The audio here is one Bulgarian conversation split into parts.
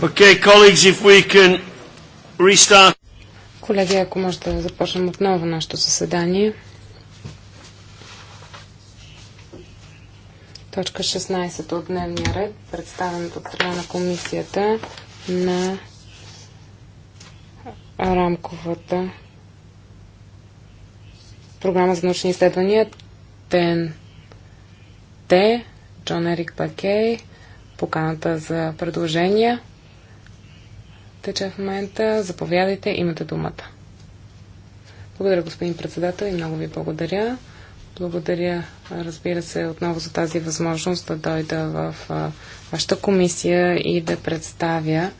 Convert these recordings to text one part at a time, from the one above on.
Okay, colleagues, if we can restart. Колеги, ако може да започнем отново нашето заседание. Точка 16 от дневния ред, представен от страна на комисията на рамковата програма за научни изследвания ТЕН Джон Ерик Бакей, поканата за предложения тече в момента. Заповядайте, имате думата. Благодаря, господин председател, и много ви благодаря. Благодаря, разбира се, отново за тази възможност да дойда в вашата комисия и да представя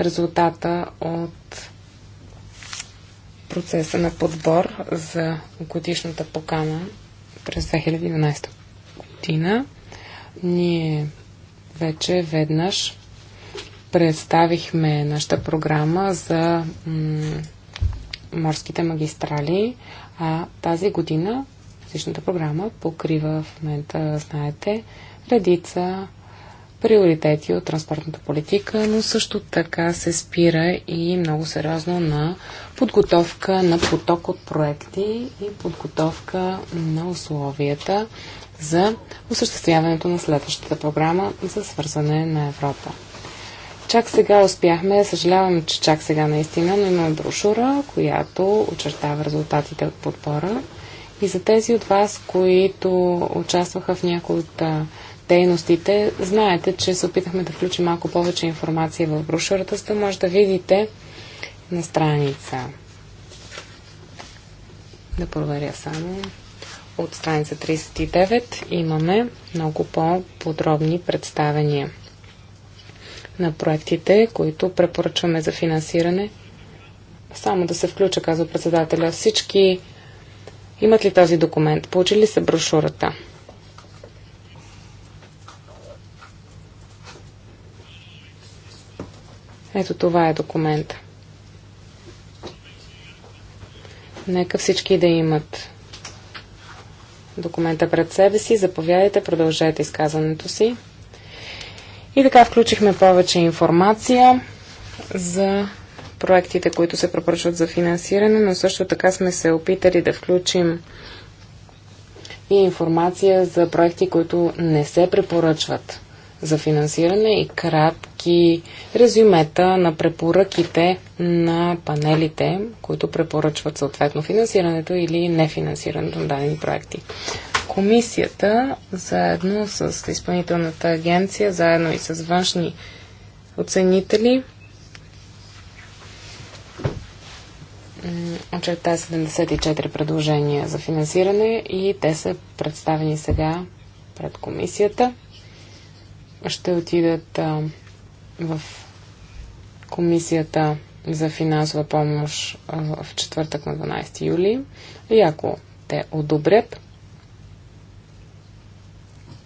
резултата от процеса на подбор за годишната покана през 2011 година. Ние вече веднъж представихме нашата програма за морските магистрали, а тази година всичната програма покрива в момента, знаете, редица приоритети от транспортната политика, но също така се спира и много сериозно на подготовка на поток от проекти и подготовка на условията за осъществяването на следващата програма за свързване на Европа. Чак сега успяхме, съжалявам, че чак сега наистина, но имаме брошура, която очертава резултатите от подбора. И за тези от вас, които участваха в някои от дейностите, знаете, че се опитахме да включим малко повече информация в брошурата, за да може да видите на страница. Да проверя само. От страница 39 имаме много по-подробни представения на проектите, които препоръчваме за финансиране. Само да се включа, казва председателя. Всички имат ли този документ? Получили се брошурата? Ето това е документа. Нека всички да имат документа пред себе си. Заповядайте, продължете изказването си. И така включихме повече информация за проектите, които се препоръчват за финансиране, но също така сме се опитали да включим и информация за проекти, които не се препоръчват за финансиране и кратки резюмета на препоръките на панелите, които препоръчват съответно финансирането или нефинансирането на дадени проекти комисията, заедно с изпълнителната агенция, заедно и с външни оценители, очерта 74 предложения за финансиране и те са представени сега пред комисията. Ще отидат а, в комисията за финансова помощ а, в четвъртък на 12 юли и ако те одобрят,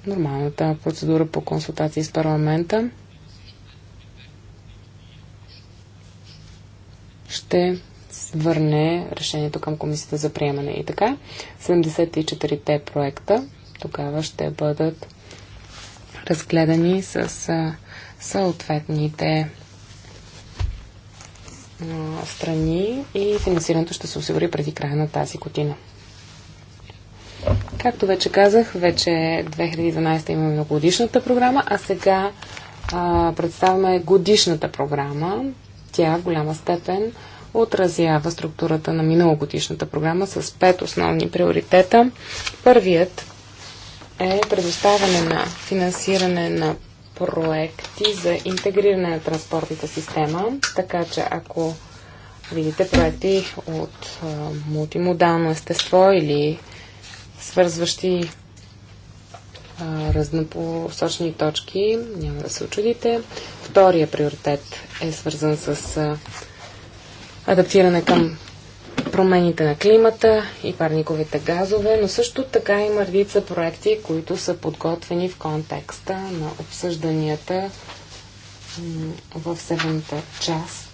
нормалната процедура по консултации с парламента. Ще върне решението към комисията за приемане. И така, 74-те проекта тогава ще бъдат разгледани с съответните страни и финансирането ще се осигури преди края на тази година. Както вече казах, вече 2012 имаме многогодишната програма, а сега а, представяме годишната програма. Тя в голяма степен отразява структурата на миналогодишната програма с пет основни приоритета. Първият е предоставяне на финансиране на проекти за интегриране на транспортната система, така че ако видите проекти от а, мултимодално естество или свързващи разнопосочни точки. Няма да се очудите. Втория приоритет е свързан с адаптиране към промените на климата и парниковите газове, но също така има редица проекти, които са подготвени в контекста на обсъжданията в северната част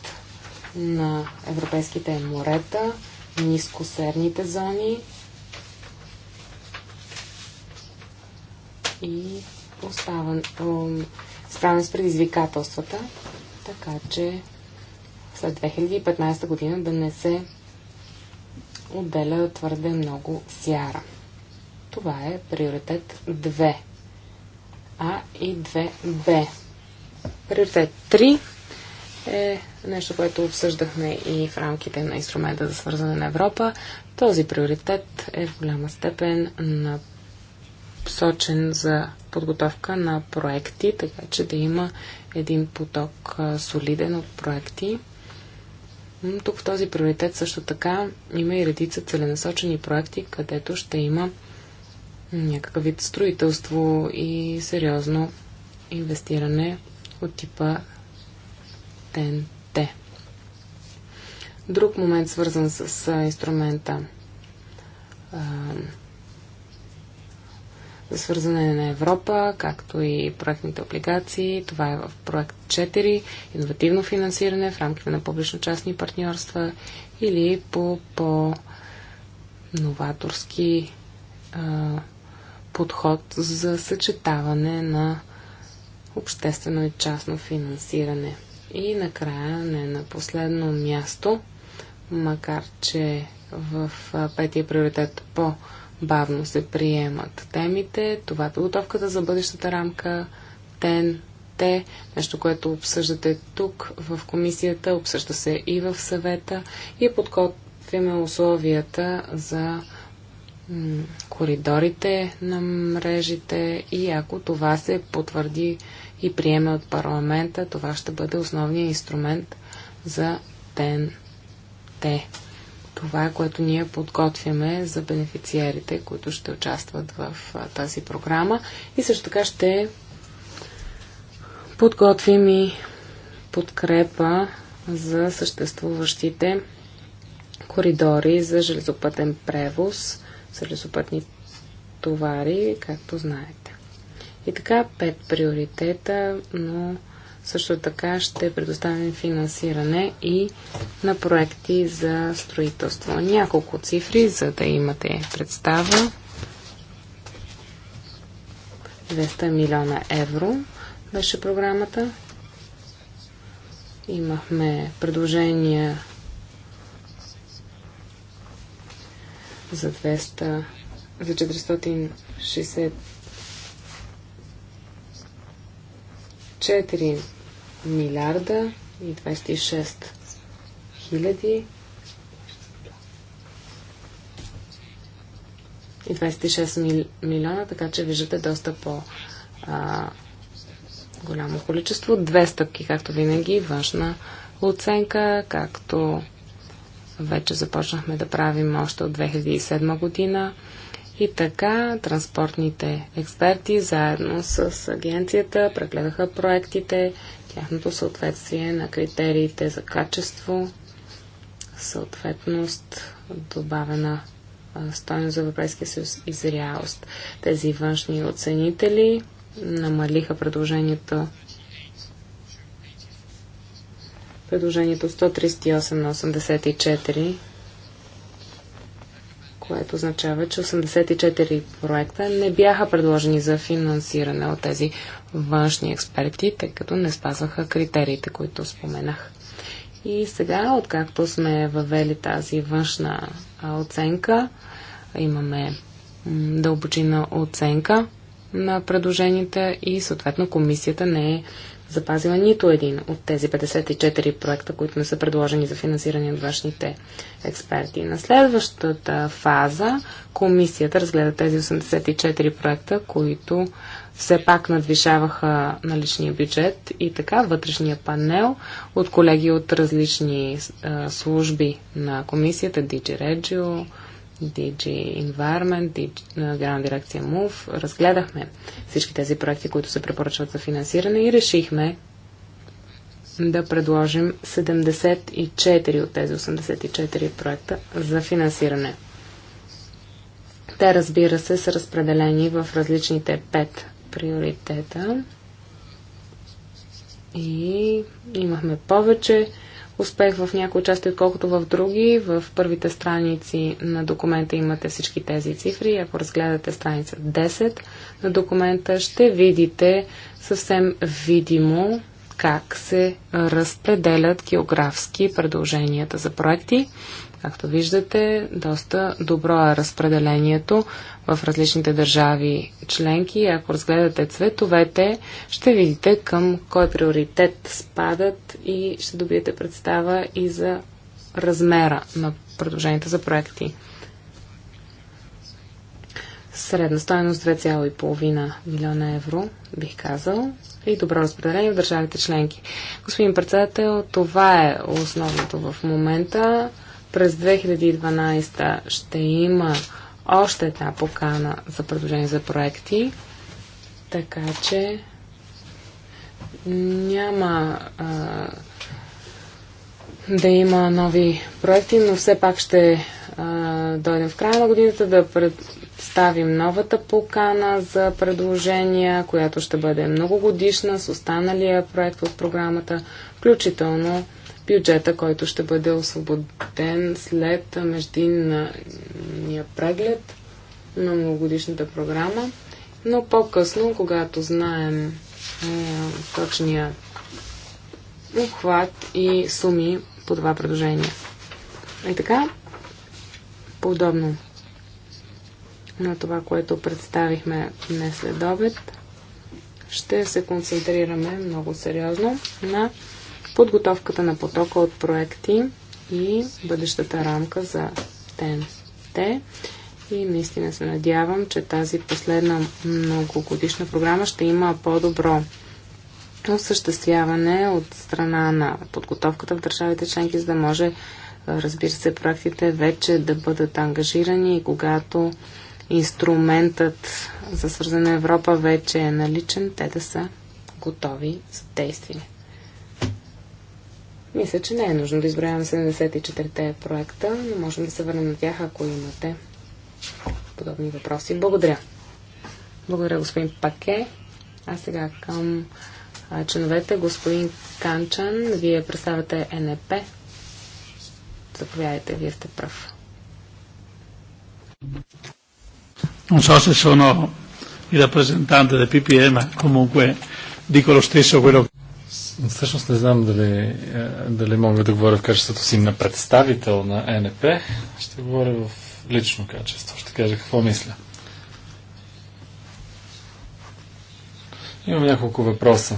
на европейските морета, нискосерните зони и справяне с предизвикателствата, така че след 2015 година да не се отделя твърде много сяра. Това е приоритет 2. А и 2Б. Приоритет 3 е нещо, което обсъждахме и в рамките на инструмента за свързване на Европа. Този приоритет е в голяма степен на посочен за подготовка на проекти, така че да има един поток солиден от проекти. Тук в този приоритет също така има и редица целенасочени проекти, където ще има някакъв вид строителство и сериозно инвестиране от типа ТНТ. Друг момент, свързан с инструмента за свързане на Европа, както и проектните облигации. Това е в проект 4, иновативно финансиране в рамките на публично-частни партньорства или по по-новаторски подход за съчетаване на обществено и частно финансиране. И накрая, не на последно място, макар че в петия приоритет по- бавно се приемат темите. Това е подготовката за бъдещата рамка, ТЕН, те, нещо, което обсъждате тук в комисията, обсъжда се и в съвета и подготвяме условията за коридорите на мрежите и ако това се потвърди и приеме от парламента, това ще бъде основният инструмент за ТЕН. Те това, което ние подготвяме за бенефициерите, които ще участват в тази програма. И също така ще подготвим и подкрепа за съществуващите коридори за железопътен превоз, железопътни товари, както знаете. И така, пет приоритета, но също така ще предоставим финансиране и на проекти за строителство. Няколко цифри, за да имате представа. 200 милиона евро беше програмата. Имахме предложения за 200, за 460 4 милиарда и 26 хиляди и 26 милиона, така че виждате доста по а, голямо количество. Две стъпки, както винаги, външна оценка, както вече започнахме да правим още от 2007 година. И така транспортните експерти заедно с агенцията прегледаха проектите, тяхното съответствие на критериите за качество, съответност, добавена стойност за Европейския съюз и зрялост. Тези външни оценители намалиха предложението предложението 138 на 84 което означава, че 84 проекта не бяха предложени за финансиране от тези външни експерти, тъй като не спазваха критериите, които споменах. И сега, откакто сме въвели тази външна оценка, имаме дълбочина оценка на предложенията и съответно комисията не е запазила нито един от тези 54 проекта, които не са предложени за финансиране от външните експерти. На следващата фаза комисията разгледа тези 84 проекта, които все пак надвишаваха наличния бюджет и така вътрешния панел от колеги от различни а, служби на комисията, DG Regio, DG Environment, DG, Грана дирекция MOVE, разгледахме всички тези проекти, които се препоръчват за финансиране и решихме да предложим 74 от тези 84 проекта за финансиране. Те, разбира се, са разпределени в различните 5 приоритета и имахме повече успех в някои части, отколкото в други. В първите страници на документа имате всички тези цифри. Ако разгледате страница 10 на документа, ще видите съвсем видимо как се разпределят географски предложенията за проекти. Както виждате, доста добро е разпределението в различните държави членки. Ако разгледате цветовете, ще видите към кой приоритет спадат и ще добиете представа и за размера на предложенията за проекти. Средна стоеност 2,5 милиона евро, бих казал, и добро разпределение в държавите членки. Господин председател, това е основното в момента. През 2012 ще има още една покана за предложение за проекти, така че няма а, да има нови проекти, но все пак ще а, дойдем в края на годината да представим новата покана за предложения, която ще бъде многогодишна с останалия проект от програмата, включително бюджета, който ще бъде освободен след междинния преглед на многогодишната програма. Но по-късно, когато знаем е, точния обхват и суми по това предложение. И така, подобно на това, което представихме днес след обед, ще се концентрираме много сериозно на подготовката на потока от проекти и бъдещата рамка за ТНТ. И наистина се надявам, че тази последна многогодишна програма ще има по-добро осъществяване от страна на подготовката в държавите членки, за да може, разбира се, проектите вече да бъдат ангажирани и когато инструментът за свързана Европа вече е наличен, те да са готови за действие. Мисля, че не е нужно да изброявам 74-те проекта, но можем да се върнем на тях, ако имате подобни въпроси. Благодаря. Благодаря, господин Паке. А сега към членовете. Господин Канчан, вие представяте НЕП. Заповядайте, вие сте прав. Non so se sono il rappresentante del PPM, comunque dico lo stesso quello che... Всъщност не знам дали, е, дали мога да говоря в качеството си на представител на НП. Ще говоря в лично качество. Ще кажа какво мисля. Имам няколко въпроса,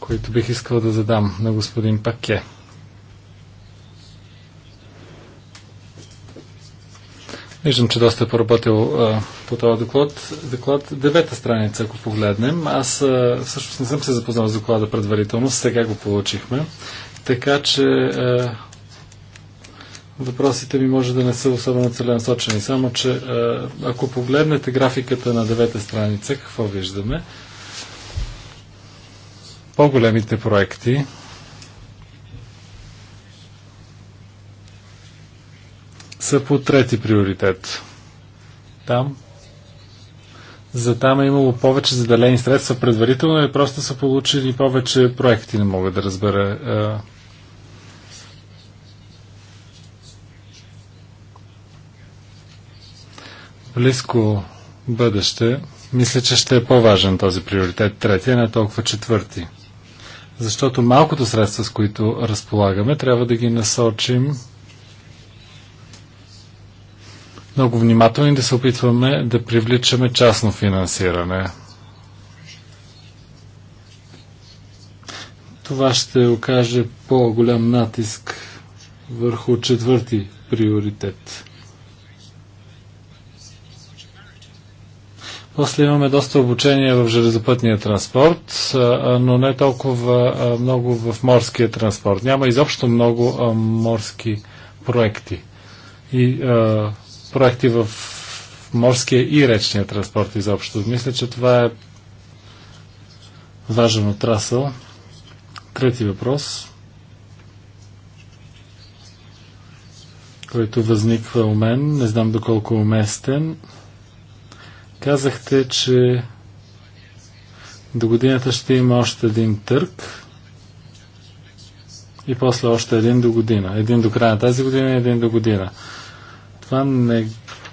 които бих искал да задам на господин Паке. Виждам, че доста е поработил а, по този доклад. Доклад девета страница, ако погледнем. Аз а, всъщност не съм се запознал с доклада предварително, сега го получихме. Така че а, въпросите ми може да не са особено целенасочени. Само, че а, ако погледнете графиката на девета страница, какво виждаме? По-големите проекти, са по трети приоритет. Там за там е имало повече заделени средства предварително и просто са получили повече проекти, не мога да разбера. Близко бъдеще, мисля, че ще е по-важен този приоритет, третия, не толкова четвърти. Защото малкото средства, с които разполагаме, трябва да ги насочим много внимателни да се опитваме да привличаме частно финансиране. Това ще окаже по-голям натиск върху четвърти приоритет. После имаме доста обучение в железопътния транспорт, но не толкова много в морския транспорт. Няма изобщо много морски проекти. И проекти в морския и речния транспорт изобщо. Мисля, че това е важен отрасъл. Трети въпрос, който възниква у мен, не знам доколко е уместен. Казахте, че до годината ще има още един търг и после още един до година. Един до края на тази година и един до година. Това не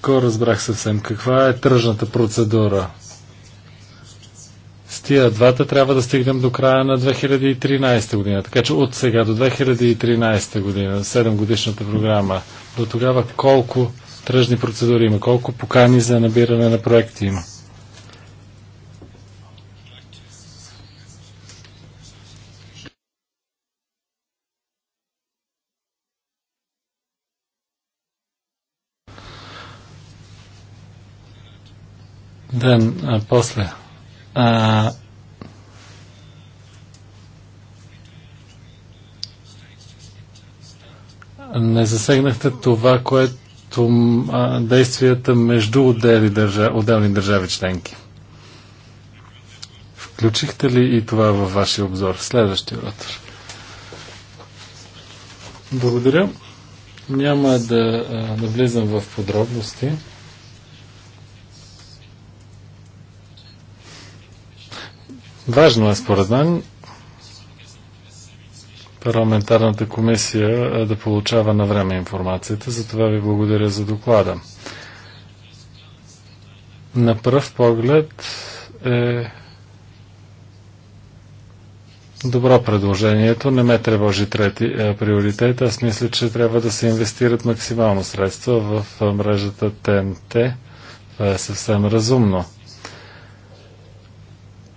го разбрах съвсем. Каква е тръжната процедура? С тия двата трябва да стигнем до края на 2013 година. Така че от сега до 2013 година, 7 годишната програма, до тогава колко тръжни процедури има, колко покани за набиране на проекти има? ден а, после. А, не засегнахте това, което а, действията между отдели държа, отделни държави членки. Включихте ли и това във вашия обзор? Следващия оратор. Благодаря. Няма да навлизам в подробности. Важно е според мен парламентарната комисия е, да получава на време информацията. За това ви благодаря за доклада. На пръв поглед е добро предложението. Не ме тревожи трети е, приоритет. Аз мисля, че трябва да се инвестират максимално средства в е, мрежата ТНТ. Това е съвсем разумно.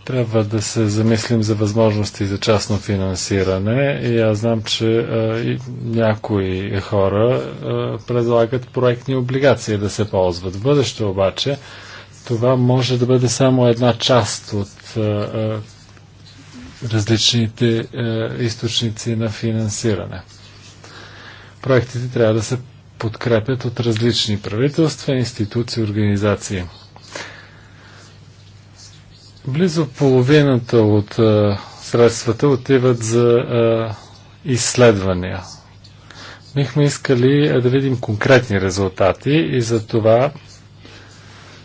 Трябва да се замислим за възможности за частно финансиране и аз знам, че а, и някои хора а, предлагат проектни облигации да се ползват. В бъдеще обаче това може да бъде само една част от а, различните източници на финансиране. Проектите трябва да се подкрепят от различни правителства, институции, организации. Близо половината от а, е, средствата отиват за а, е, изследвания. Бихме искали а, е, да видим конкретни резултати и за това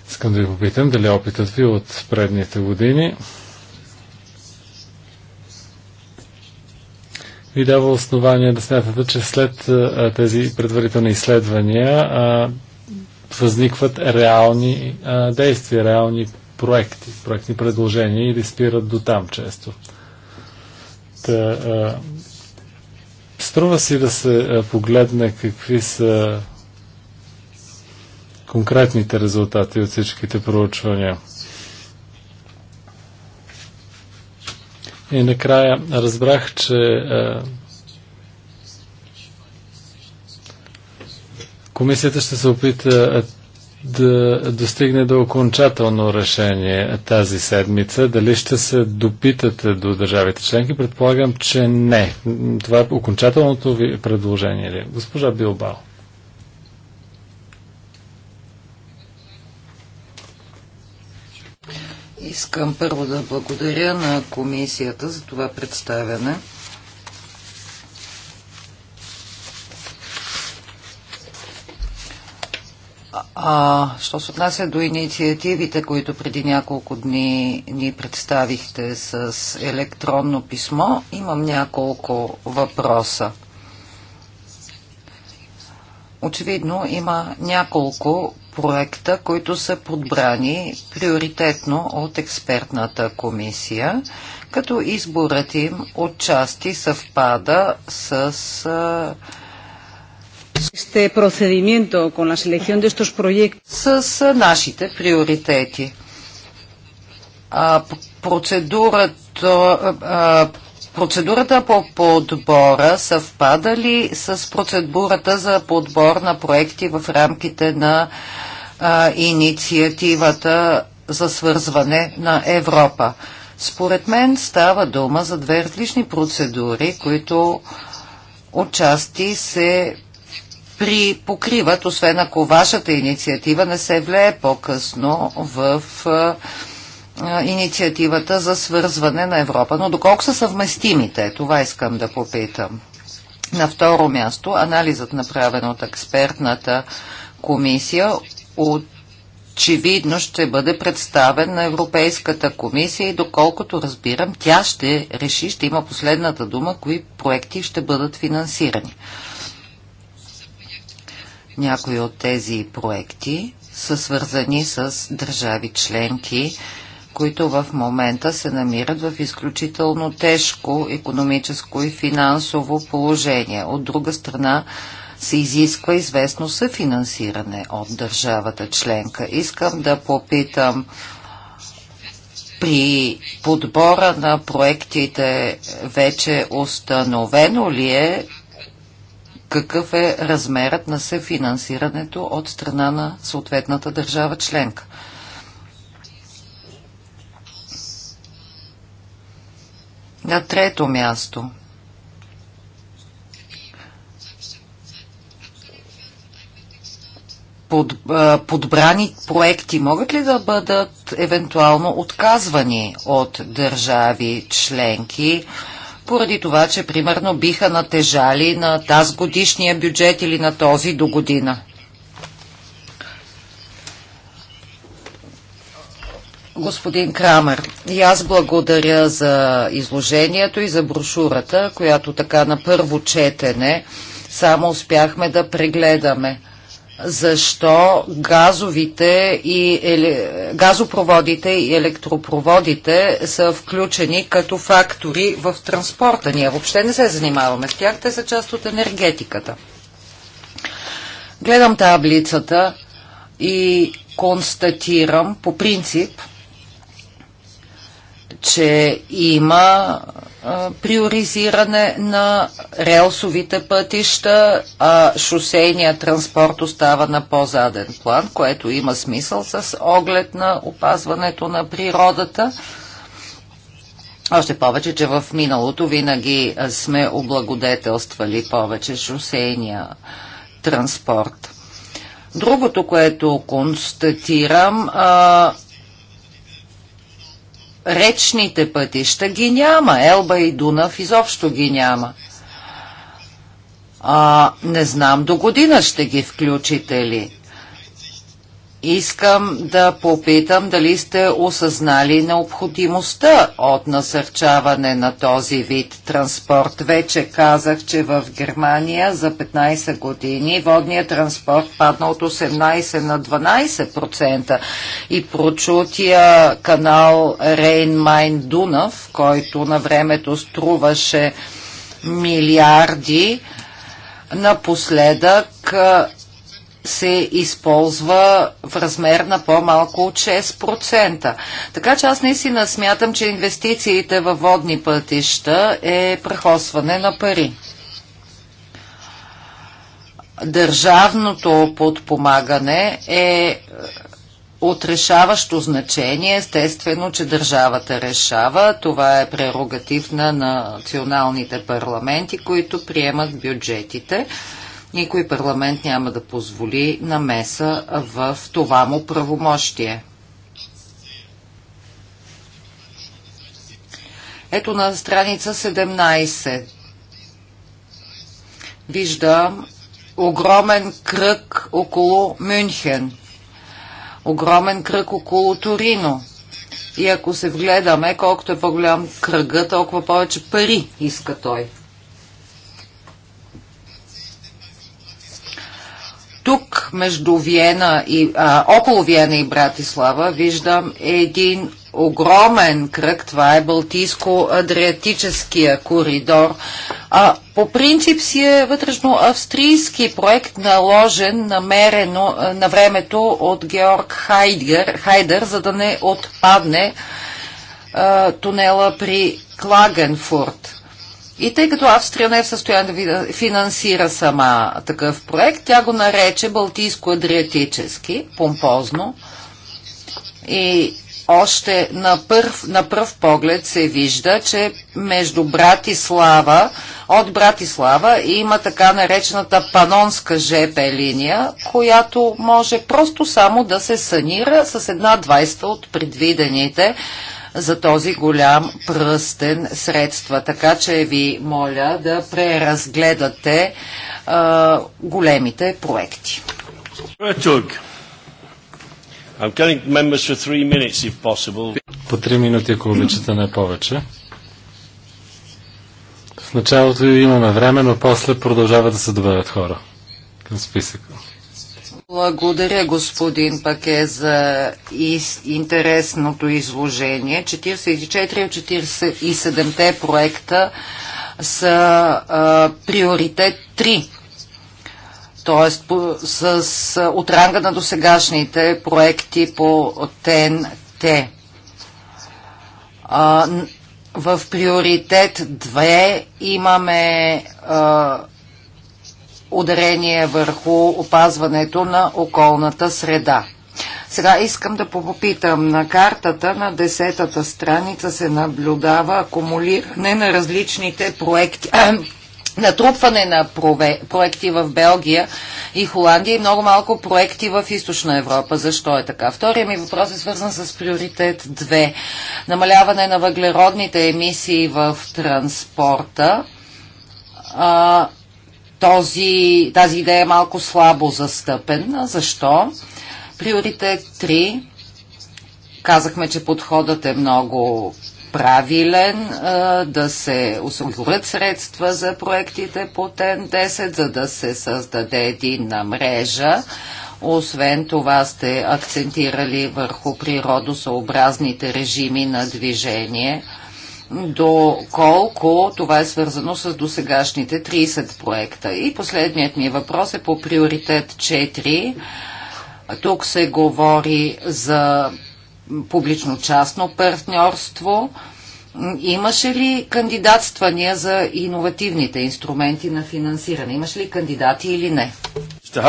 искам да ви попитам дали опитът ви от предните години ви дава основание да смятате, че след а, тези предварителни изследвания а, възникват реални а, действия, реални проекти, проектни предложения или спират до там често. Та, а, струва си да се погледне какви са конкретните резултати от всичките проучвания. И накрая разбрах, че а, Комисията ще се опита да достигне до окончателно решение тази седмица. Дали ще се допитате до държавите членки? Предполагам, че не. Това е окончателното ви предложение ли? Госпожа Билбао. Искам първо да благодаря на комисията за това представяне. А, що се отнася до инициативите, които преди няколко дни ни представихте с електронно писмо, имам няколко въпроса. Очевидно има няколко проекта, които са подбрани приоритетно от експертната комисия, като изборът им отчасти съвпада с а, с нашите приоритети. А, процедурата, а, процедурата по подбора съвпада ли с процедурата за подбор на проекти в рамките на а, инициативата за свързване на Европа? Според мен става дума за две различни процедури, които отчасти се припокриват, освен ако вашата инициатива не се влее по-късно в а, инициативата за свързване на Европа. Но доколко са съвместимите, това искам да попитам. На второ място, анализът направен от експертната комисия очевидно ще бъде представен на Европейската комисия и доколкото разбирам, тя ще реши, ще има последната дума, кои проекти ще бъдат финансирани. Някои от тези проекти са свързани с държави членки, които в момента се намират в изключително тежко економическо и финансово положение. От друга страна се изисква известно съфинансиране от държавата членка. Искам да попитам при подбора на проектите вече установено ли е какъв е размерът на съфинансирането от страна на съответната държава членка. На трето място под, подбрани проекти могат ли да бъдат евентуално отказвани от държави членки? поради това, че примерно биха натежали на тази годишния бюджет или на този до година. Господин Крамер, и аз благодаря за изложението и за брошурата, която така на първо четене само успяхме да прегледаме защо газовите и еле, газопроводите и електропроводите са включени като фактори в транспорта. Ние въобще не се занимаваме с тях, те са част от енергетиката. Гледам таблицата и констатирам по принцип, че има приоризиране на релсовите пътища, а шосейния транспорт остава на по-заден план, което има смисъл с оглед на опазването на природата. Още повече, че в миналото винаги сме облагодетелствали повече шосейния транспорт. Другото, което констатирам, речните пътища ги няма. Елба и Дунав изобщо ги няма. А, не знам, до година ще ги включите ли? Искам да попитам дали сте осъзнали необходимостта от насърчаване на този вид транспорт. Вече казах, че в Германия за 15 години водният транспорт падна от 18 на 12% и прочутия канал Рейн-Майн-Дунав, който на времето струваше милиарди, напоследък се използва в размер на по-малко от 6%. Така че аз наистина смятам, че инвестициите във водни пътища е прехосване на пари. Държавното подпомагане е, е от решаващо значение. Естествено, че държавата решава. Това е прерогатив на националните парламенти, които приемат бюджетите. Никой парламент няма да позволи намеса в това му правомощие. Ето на страница 17 виждам огромен кръг около Мюнхен, огромен кръг около Торино. И ако се вгледаме, колкото е по-голям кръга, толкова повече пари иска той. Тук между Виена и, а, около Виена и Братислава виждам един огромен кръг, това е Балтийско-Адриатическия коридор. А, по принцип си е вътрешно-австрийски проект, наложен намерено а, на времето от Георг Хайдер, Хайдер за да не отпадне а, тунела при Клагенфурт. И тъй като Австрия не е в състояние да финансира сама такъв проект, тя го нарече Балтийско-Адриатически, помпозно. И още на пръв, на пръв поглед се вижда, че между Братислава, от Братислава има така наречената панонска ЖП линия, която може просто само да се санира с една 20 от предвидените за този голям пръстен средства. Така че ви моля да преразгледате а, големите проекти. По три минути, ако обичате, не повече. В началото имаме време, но после продължава да се добавят хора към списъка. Благодаря, господин Паке, за интересното изложение. 44 от 47-те проекта са а, приоритет 3 т.е. с, с отранга на досегашните проекти по ТНТ. в приоритет 2 имаме а, ударение върху опазването на околната среда. Сега искам да попитам. На картата на десетата страница се наблюдава акумулиране на различните проекти. Натрупване на проекти в Белгия и Холандия и много малко проекти в Източна Европа. Защо е така? Втория ми въпрос е свързан с приоритет 2. Намаляване на въглеродните емисии в транспорта този, тази идея е малко слабо застъпена. Защо? Приоритет 3. Казахме, че подходът е много правилен, да се осигурят средства за проектите по ТЕН-10, за да се създаде единна мрежа. Освен това сте акцентирали върху природосъобразните режими на движение – доколко това е свързано с досегашните 30 проекта. И последният ми въпрос е по приоритет 4. Тук се говори за публично-частно партньорство. Имаше ли кандидатствания за иновативните инструменти на финансиране? Имаше ли кандидати или не? Мистер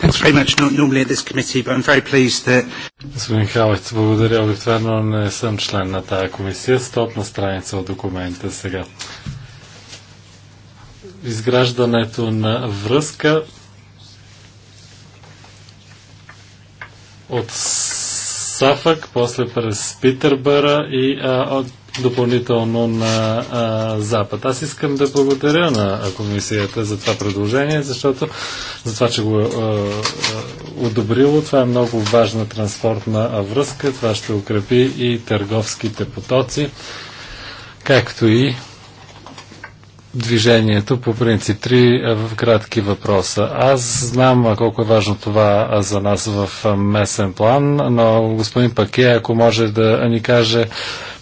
Thanks very very much. Not normally at this committee, but I'm pleased That... Господин Халец, благодаря. Обикновено не съм член на тази комисия. Стоп на страница от документа сега. Изграждането на връзка от Сафък, после през Питърбъра и а, от допълнително на а, Запад. Аз искам да благодаря на комисията за това предложение, защото за това, че го е одобрило, това е много важна транспортна връзка. Това ще укрепи и търговските потоци, както и движението по принцип. Три в кратки въпроса. Аз знам колко е важно това за нас в местен план, но господин Паке, ако може да ни каже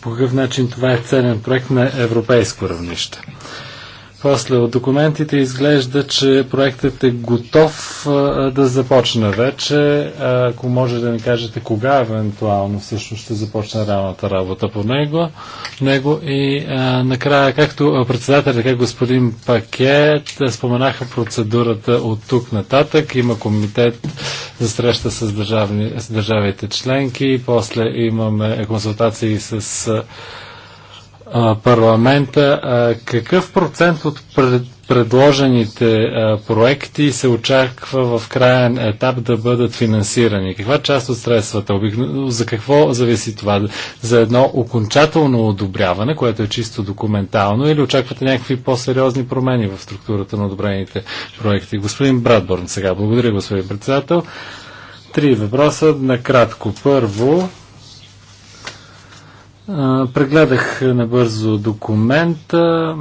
по какъв начин това е целен проект на европейско равнище. После от документите изглежда, че проектът е готов а, да започне вече. Ако може да ни кажете кога евентуално всъщност ще започне реалната работа по него. него и а, накрая, както председателят, как господин Пакет, споменаха процедурата от тук нататък. Има комитет за среща с, държавни, с държавите членки. После имаме консултации с парламента, какъв процент от предложените проекти се очаква в крайен етап да бъдат финансирани? Каква част от средствата? Обикновено, за какво зависи това? За едно окончателно одобряване, което е чисто документално, или очаквате някакви по-сериозни промени в структурата на одобрените проекти? Господин Брадборн сега. Благодаря, господин председател. Три въпроса накратко. Първо, Прегледах набързо документа.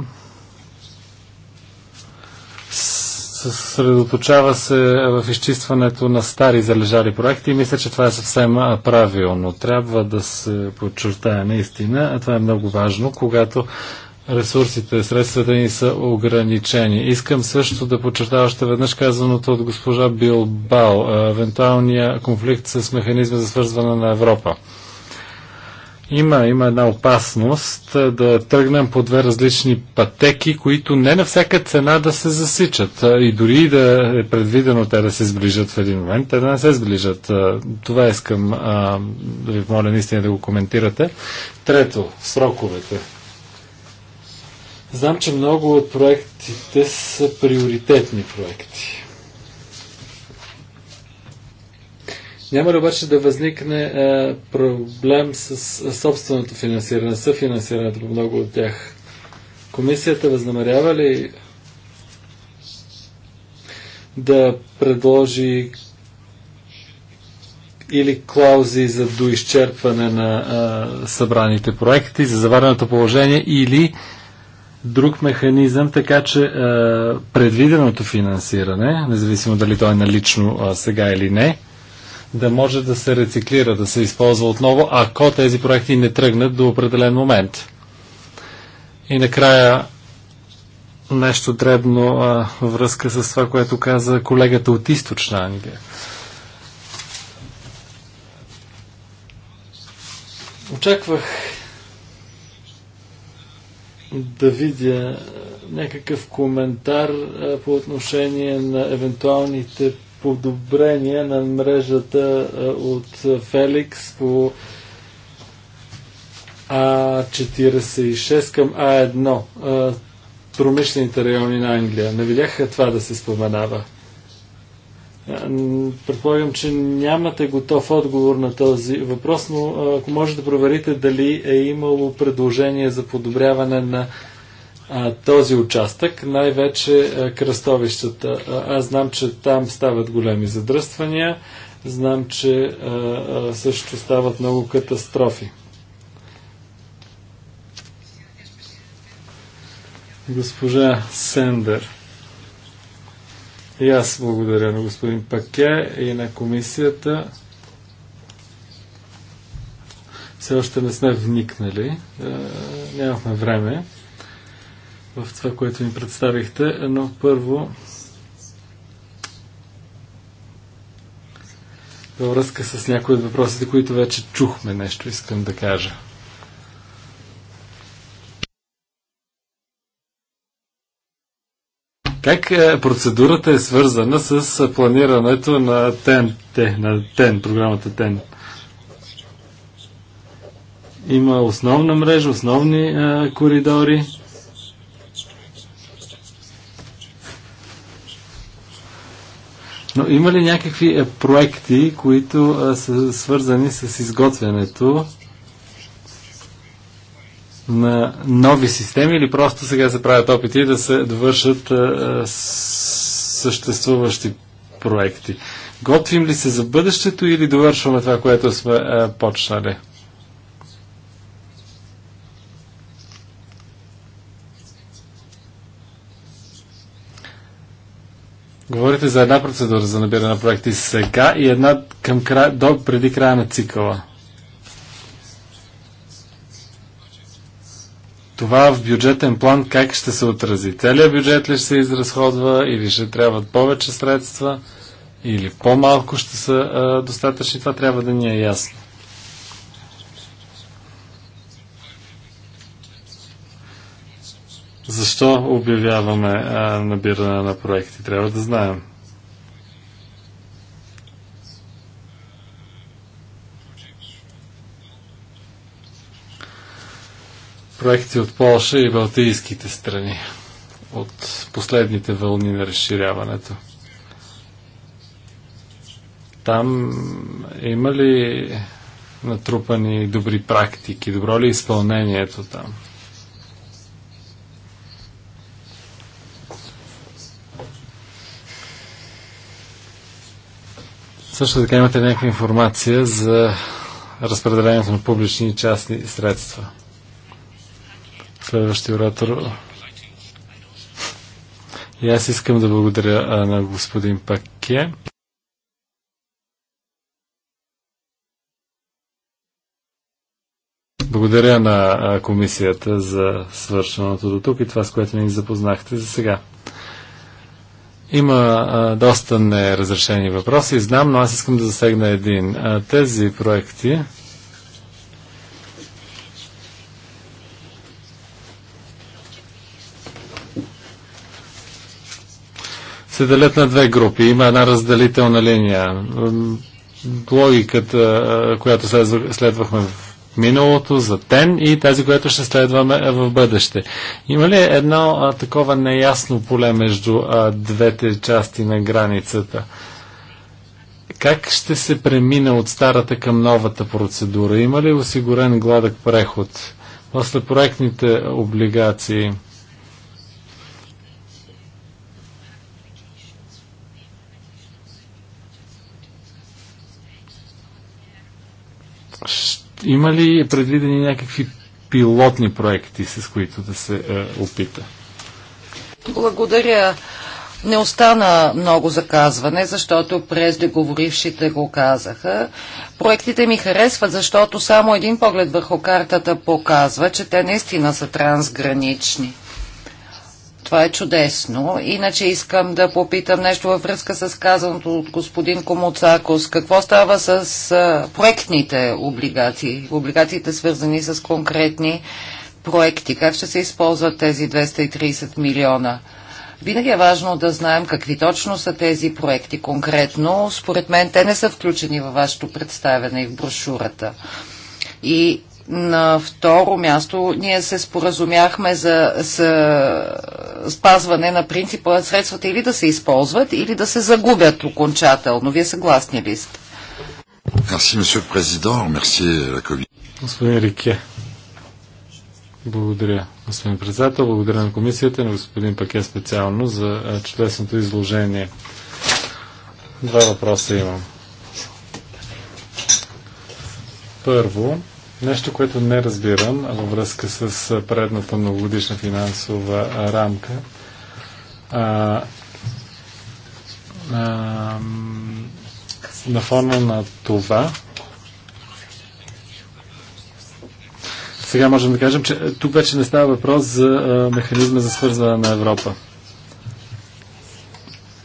Съсредоточава се в изчистването на стари залежали проекти и мисля, че това е съвсем правилно. Трябва да се подчертая наистина, а това е много важно, когато ресурсите, средствата ни са ограничени. Искам също да подчертава още веднъж казаното от госпожа Билбао, евентуалния конфликт с механизма за свързване на Европа. Има, има една опасност е, да тръгнем по две различни пътеки, които не на всяка цена да се засичат. Е, и дори да е предвидено те да се сближат в един момент, те да не се сближат. Е, това искам а, да ви моля наистина да го коментирате. Трето, сроковете. Знам, че много от проектите са приоритетни проекти. Няма ли обаче да възникне е, проблем с е, собственото финансиране, съфинансирането по много от тях? Комисията възнамерява ли да предложи или клаузи за доизчерпване на а, е, събраните проекти, за завареното положение или друг механизъм, така че а, е, предвиденото финансиране, независимо дали то е налично а, сега или не, да може да се рециклира, да се използва отново, ако тези проекти не тръгнат до определен момент. И накрая нещо дребно а, връзка с това, което каза колегата от източна Англия. Очаквах да видя някакъв коментар а, по отношение на евентуалните подобрение на мрежата от Феликс по А46 към А1 промишлените райони на Англия. Не видях това да се споменава. Предполагам, че нямате готов отговор на този въпрос, но ако може да проверите дали е имало предложение за подобряване на а, този участък, най-вече кръстовищата. А, аз знам, че там стават големи задръствания, знам, че а, а, също стават много катастрофи. Госпожа Сендер. И аз благодаря на господин Паке и на комисията. Все още не сме вникнали. Е, нямахме време в това, което ни представихте, но първо във връзка с някои от въпросите, които вече чухме нещо, искам да кажа. Как е, процедурата е свързана с е, планирането на ТЕН, те, на ТЕН, програмата ТЕН? Има основна мрежа, основни а, е, коридори. Но има ли някакви е, проекти, които е, са свързани с изготвянето на нови системи или просто сега се правят опити да се довършат е, съществуващи проекти. Готвим ли се за бъдещето или довършваме това, което сме почнали? Говорите за една процедура за набиране на проекти сега и една към края, до преди края на цикъла. Това в бюджетен план как ще се отрази? Целият бюджет ли ще се изразходва или ще трябват повече средства или по-малко ще са а, достатъчни? Това трябва да ни е ясно. Защо обявяваме а, набиране на проекти? Трябва да знаем. Проекти от Польша и Балтийските страни от последните вълни на разширяването. Там има ли натрупани добри практики? Добро ли е изпълнението там? Също така имате някаква информация за разпределението на публични и частни средства. Следващия оратор. И аз искам да благодаря на господин Пакке. Благодаря на комисията за свършеното до тук и това, с което ни запознахте за сега. Има а, доста неразрешени въпроси, знам, но аз искам да засегна един. А, тези проекти се делят на две групи. Има една разделителна линия. Логиката, която следвахме в миналото, за тен и тази, която ще следваме е в бъдеще. Има ли едно а, такова неясно поле между а, двете части на границата? Как ще се премина от старата към новата процедура? Има ли осигурен гладък преход? После проектните облигации – Има ли предвидени някакви пилотни проекти, с които да се е, опита? Благодаря. Не остана много заказване, защото преждеговорившите го казаха. Проектите ми харесват, защото само един поглед върху картата показва, че те наистина са трансгранични. Това е чудесно. Иначе искам да попитам нещо във връзка с казаното от господин Комуцакос. Какво става с проектните облигации? Облигациите свързани с конкретни проекти. Как ще се използват тези 230 милиона? Винаги е важно да знаем какви точно са тези проекти конкретно. Според мен те не са включени във вашето представяне и в брошурата. И на второ място ние се споразумяхме за, за спазване на принципа средствата или да се използват, или да се загубят окончателно. Вие съгласни ли сте? Господин Рике, благодаря, господин председател. Благодаря на комисията и на господин Паке специално за чудесното изложение. Два въпроса имам. Първо, Нещо, което не разбирам във връзка с предната многогодишна финансова рамка. А, а, на фона на това, сега можем да кажем, че тук вече не става въпрос за механизма за свързване на Европа.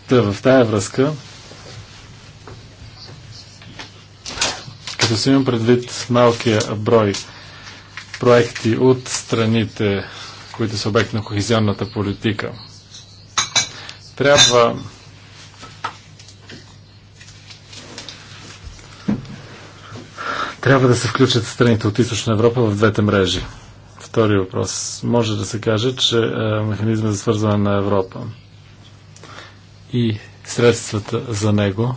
Та, в тая връзка, Като си имам предвид малкия брой проекти от страните, които са обект на кохезионната политика, трябва трябва да се включат страните от Източна Европа в двете мрежи. Втори въпрос. Може да се каже, че е, механизма за свързване на Европа и средствата за него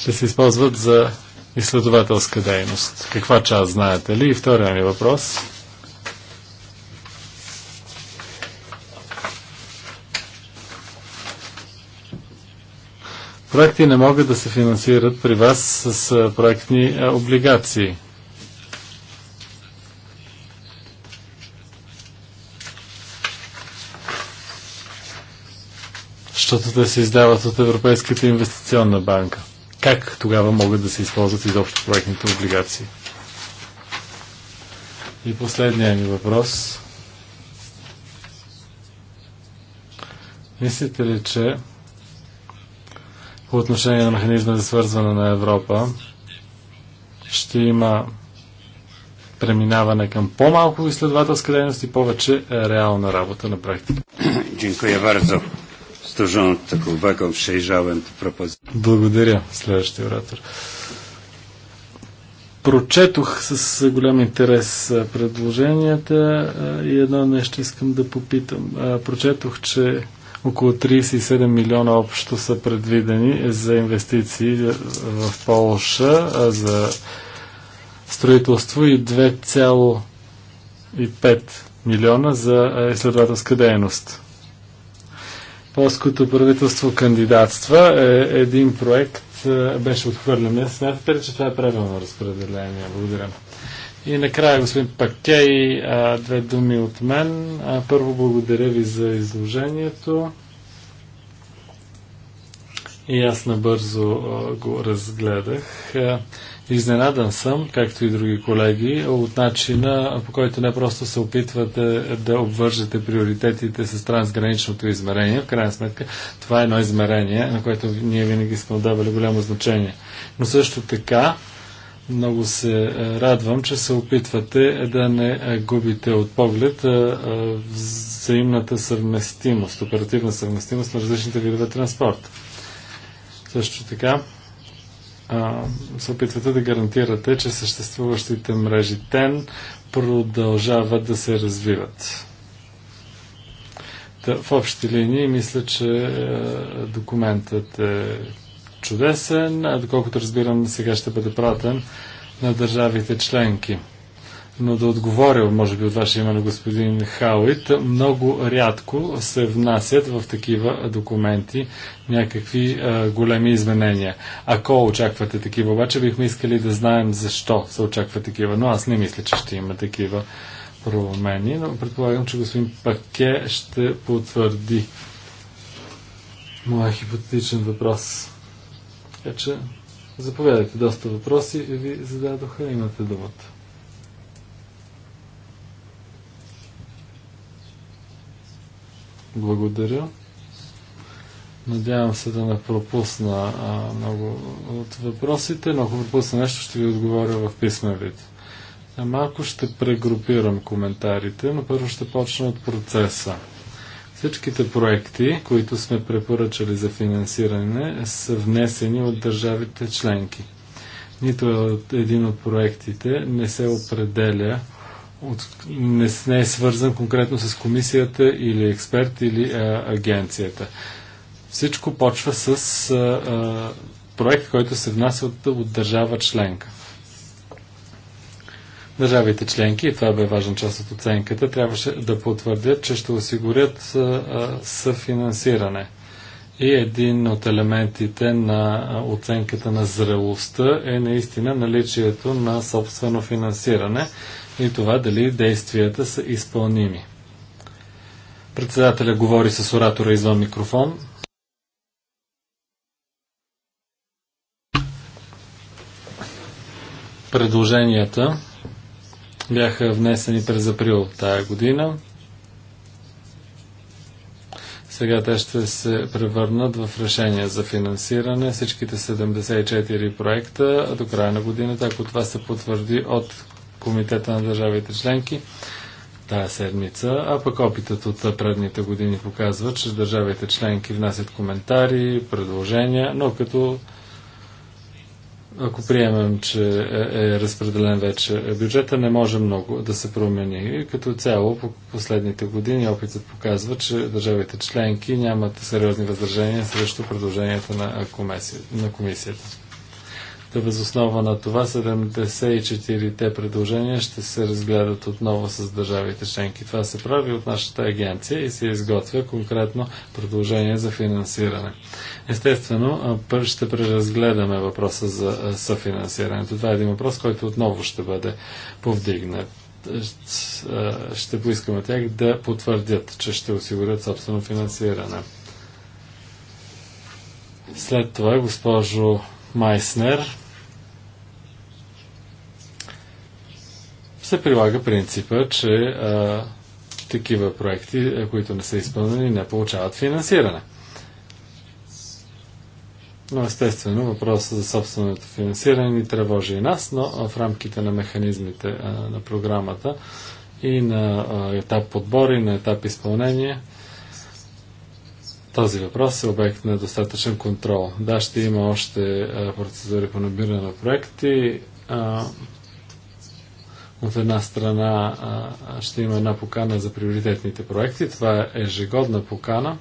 ще се използват за изследователска дейност? Каква част знаете ли? И втория ми въпрос. Проекти не могат да се финансират при вас с проектни облигации. защото те се издават от Европейската инвестиционна банка. Как тогава могат да се използват изобщо проектните облигации? И последния ми въпрос. Мислите ли, че по отношение на механизма за свързване на Европа ще има преминаване към по-малко изследователска дейност и повече реална работа на практика? Дякую Стожон колба към Шейжавен пропозиция. Благодаря, следващия оратор. Прочетох с голям интерес предложенията и едно нещо искам да попитам. Прочетох, че около 37 милиона общо са предвидени за инвестиции в Полша за строителство и 2,5 милиона за изследователска дейност полското правителство кандидатства. Е, един проект е, беше отхвърлен. Е, смятате ли, че това е правилно разпределение? Благодаря. И накрая, господин Пакей, е, две думи от мен. Е, първо, благодаря ви за изложението и аз набързо го разгледах. Е, изненадан съм, както и други колеги, от начина по който не просто се опитвате да обвържете приоритетите с трансграничното измерение. В крайна сметка това е едно измерение, на което ние винаги сме отдавали голямо значение. Но също така много се е, радвам, че се опитвате да не е, губите от поглед взаимната съвместимост, оперативна съвместимост на различните видове транспорт. Също така се опитвате да гарантирате, че съществуващите мрежи ТЕН продължават да се развиват. Та, в общи линии мисля, че документът е чудесен, а доколкото разбирам сега ще бъде пратен на държавите членки но да отговоря, може би от ваше име на господин Хауит, много рядко се внасят в такива документи някакви а, големи изменения. Ако очаквате такива, обаче бихме искали да знаем защо се очаква такива, но аз не мисля, че ще има такива промени, но предполагам, че господин Паке ще потвърди моя хипотетичен въпрос. Така че, заповядайте, доста въпроси ви зададоха, имате думата. Благодаря. Надявам се да не пропусна а, много от въпросите, но ако пропусна нещо, ще ви отговоря в писмен вид. А е, малко ще прегрупирам коментарите, но първо ще почна от процеса. Всичките проекти, които сме препоръчали за финансиране, са внесени от държавите членки. Нито е един от проектите не се определя от, не, не е свързан конкретно с комисията или експерт или а, агенцията. Всичко почва с а, а, проект, който се внася от, от държава членка. Държавите членки, и това бе важна част от оценката, трябваше да потвърдят, че ще осигурят а, съфинансиране. И един от елементите на оценката на зрелостта е наистина наличието на собствено финансиране и това дали действията са изпълними. Председателя говори с оратора извън микрофон. Предложенията бяха внесени през април тая година. Сега те ще се превърнат в решение за финансиране всичките 74 проекта до края на годината, ако това се потвърди от Комитета на държавите членки тая седмица, а пък опитът от предните години показва, че държавите членки внасят коментари, предложения, но като ако приемем, че е, е разпределен вече бюджета, не може много да се промени. Като цяло, по последните години опитът показва, че държавите членки нямат сериозни възражения срещу предложенията на комисията. Та възоснова на това 74-те предложения ще се разгледат отново с държавите членки. Това се прави от нашата агенция и се изготвя конкретно предложение за финансиране. Естествено, първо ще преразгледаме въпроса за съфинансирането. Това е един въпрос, който отново ще бъде повдигнат е, ще поискаме тях да потвърдят, че ще осигурят собствено финансиране. След това, госпожо Майснер се прилага принципа, че а, такива проекти, е, които не са изпълнени, не получават финансиране. Но естествено, въпросът за собственото финансиране ни тревожи и нас, но в рамките на механизмите а, на програмата и на а, етап подбор и на етап изпълнение – този въпрос е обект на достатъчен контрол. Да, ще има още процедури по набиране на проекти. от една страна ще има една покана за приоритетните проекти. Това е ежегодна покана.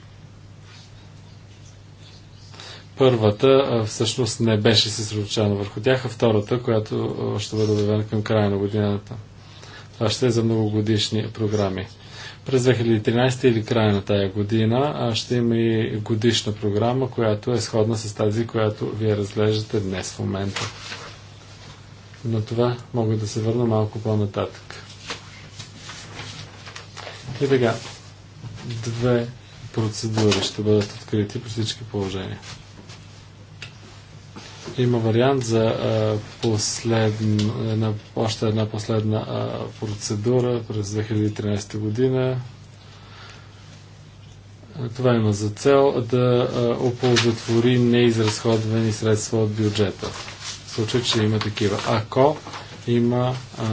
Първата всъщност не беше съсредоточена върху тях, а втората, която ще бъде обявена към края на годината. Това ще е за многогодишни програми през 2013 или края на тая година ще има и годишна програма, която е сходна с тази, която вие разглеждате днес в момента. На това мога да се върна малко по-нататък. И така, две процедури ще бъдат открити при всички положения има вариант за а, последна, още една последна а, процедура през 2013 година. Това има за цел да оползотвори неизразходвани средства от бюджета. В случай, че има такива. Ако има а,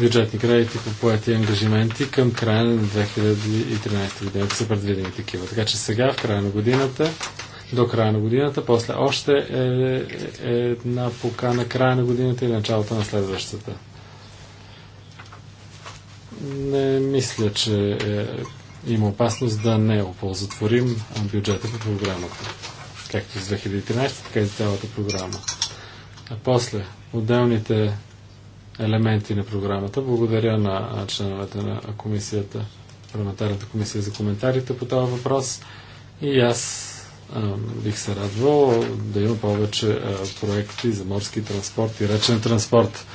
бюджетни кредити по поети ангажименти към края на 2013 година, са предвидени такива. Така че сега, в края на годината, до края на годината, после още е, е една покана края на годината и началото на следващата. Не мисля, че е, има опасност да не оползотворим бюджета по програмата. Както за 2013, така и за цялата програма. А после, отделните елементи на програмата. Благодаря на членовете на комисията, парламентарната комисия за коментарите по този въпрос. И аз бих се радвал да има повече проекти за морски транспорт и речен транспорт.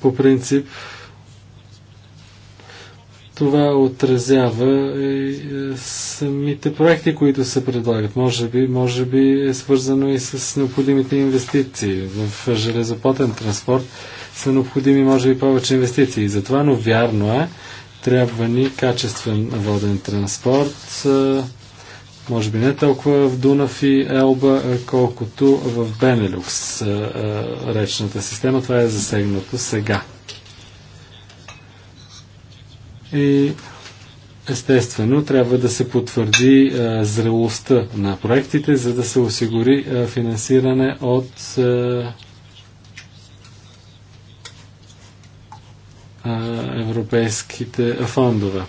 По принцип, това отразява и е, самите проекти, които се предлагат. Може би, може би е свързано и с необходимите инвестиции. В железопотен транспорт са необходими, може би, повече инвестиции. Затова, но вярно е, трябва ни качествен воден транспорт. Може би не толкова в Дунав и Елба, колкото в Бенелюкс речната система. Това е засегнато сега. И естествено трябва да се потвърди зрелостта на проектите, за да се осигури финансиране от европейските фондове.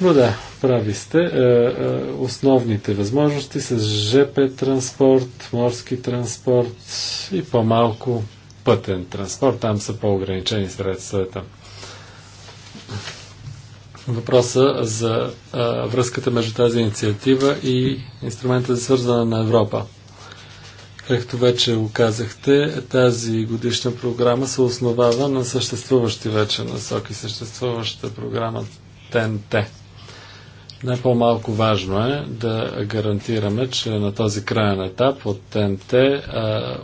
Но да, прави сте. Е, е, основните възможности са ЖП транспорт, морски транспорт и по-малко пътен транспорт. Там са по-ограничени средствата. Въпроса за е, връзката между тази инициатива и инструмента за свързване на Европа. Както вече оказахте, тази годишна програма се основава на съществуващи вече насоки, съществуваща програма ТНТ. Не по-малко важно е да гарантираме, че на този краен етап от ТНТ а,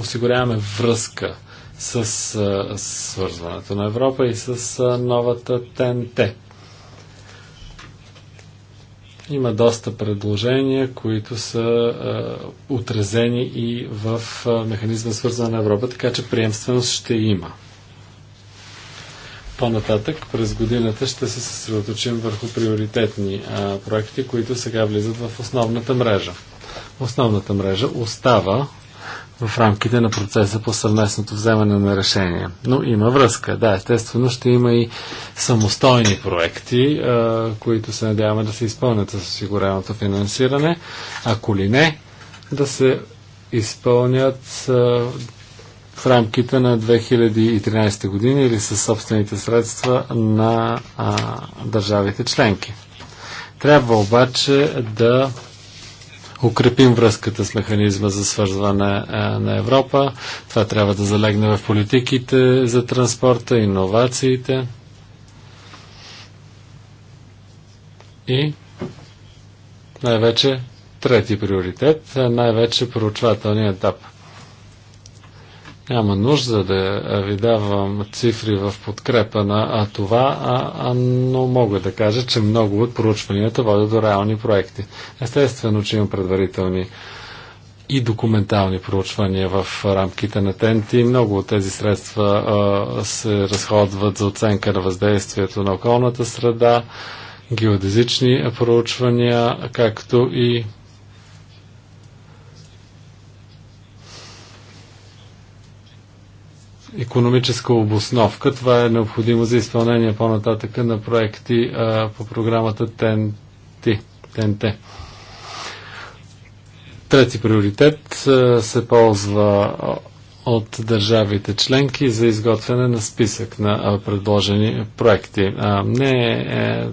осигуряваме връзка с а, свързването на Европа и с а, новата ТНТ. Има доста предложения, които са е, отразени и в е, механизма свързана на Европа, така че приемственост ще има. По-нататък през годината ще се съсредоточим върху приоритетни е, проекти, които сега влизат в основната мрежа. Основната мрежа остава в рамките на процеса по съвместното вземане на решение. Но има връзка. Да, естествено ще има и самостойни проекти, а, които се надяваме да се изпълнят с осигуреното финансиране. Ако ли не, да се изпълнят а, в рамките на 2013 година или със собствените средства на а, държавите членки. Трябва обаче да укрепим връзката с механизма за свързване е, на Европа. Това трябва да залегне в политиките за транспорта, иновациите. И най-вече трети приоритет, е най-вече проучвателният етап – няма нужда да ви давам цифри в подкрепа на а това, а, а, но мога да кажа, че много от проучванията водят до реални проекти. Естествено, че има предварителни и документални проучвания в рамките на ТЕНТИ. Много от тези средства а, се разходват за оценка на въздействието на околната среда, геодезични проучвания, както и економическа обосновка. Това е необходимо за изпълнение по-нататъка на проекти а, по програмата ТНТ. ТНТ. Трети приоритет а, се ползва от държавите членки за изготвяне на списък на а, предложени проекти. А, не е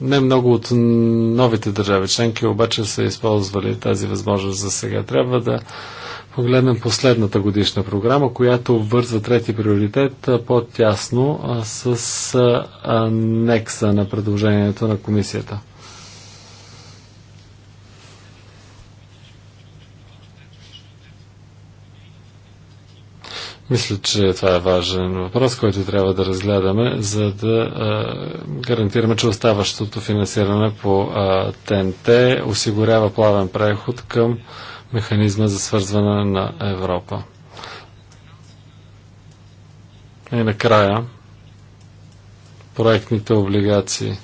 не много от новите държави членки обаче са използвали тази възможност за сега. Трябва да погледнем последната годишна програма, която обвързва трети приоритет по-тясно с анекса на предложението на комисията. Мисля, че това е важен въпрос, който трябва да разгледаме, за да а, гарантираме, че оставащото финансиране по а, ТНТ осигурява плавен преход към а, механизма за свързване на Европа. И накрая проектните облигации.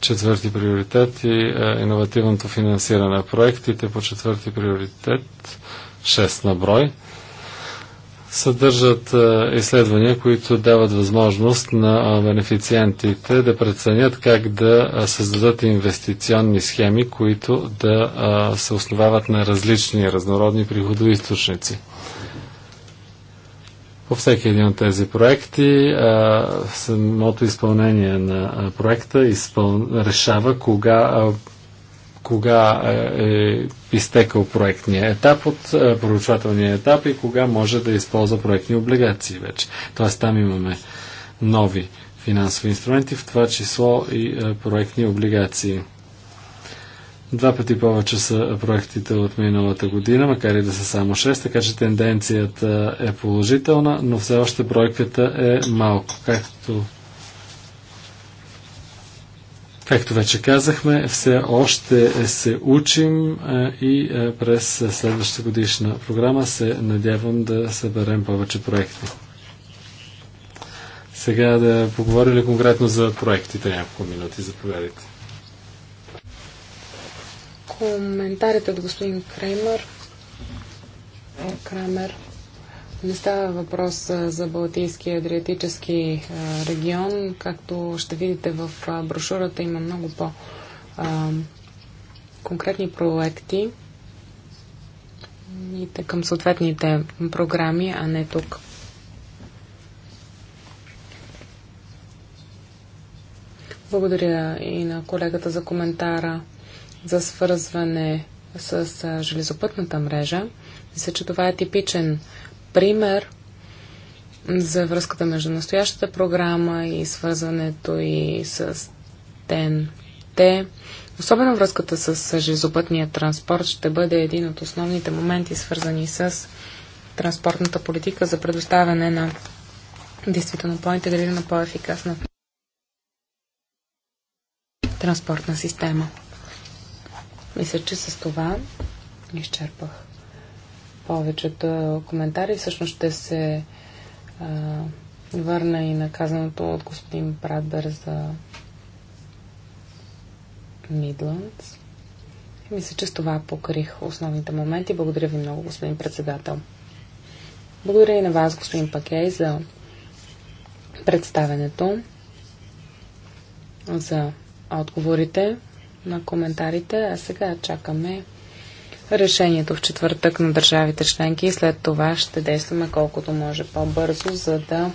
Четвърти приоритет и е, иновативното финансиране. Проектите по четвърти приоритет, 6 на брой, съдържат е, изследвания, които дават възможност на бенефициентите да преценят как да създадат инвестиционни схеми, които да се основават на различни разнородни приходоисточници. По всеки един от тези проекти самото изпълнение на проекта решава кога кога е, е изтекал проектния етап от е, проучвателния етап и кога може да използва проектни облигации вече. Тоест там имаме нови финансови инструменти, в това число и е, проектни облигации. Два пъти повече са проектите от миналата година, макар и да са само 6, така че тенденцията е положителна, но все още проектите е малко. Както Както вече казахме, все още се учим и през следващата годишна програма се надявам да съберем повече проекти. Сега да поговорим ли конкретно за проектите няколко минути. Заповядайте. Коментарите от господин Креймер. Крамер. Не става въпрос за Балтийския адриатически регион. Както ще видите в брошурата, има много по-конкретни проекти и към съответните програми, а не тук. Благодаря и на колегата за коментара за свързване с железопътната мрежа. Мисля, че това е типичен пример за връзката между настоящата програма и свързването и с ТНТ. Особено връзката с железопътния транспорт ще бъде един от основните моменти, свързани с транспортната политика за предоставяне на действително по-интегрирана, по-ефикасна транспортна система. Мисля, че с това изчерпах повечето коментари. Всъщност ще се а, върна и на казаното от господин Прадбер за Мидландс. Мисля, че с това покрих основните моменти. Благодаря ви много, господин председател. Благодаря и на вас, господин Пакей, за представенето, за отговорите на коментарите, а сега чакаме решението в четвъртък на държавите членки и след това ще действаме колкото може по-бързо, за да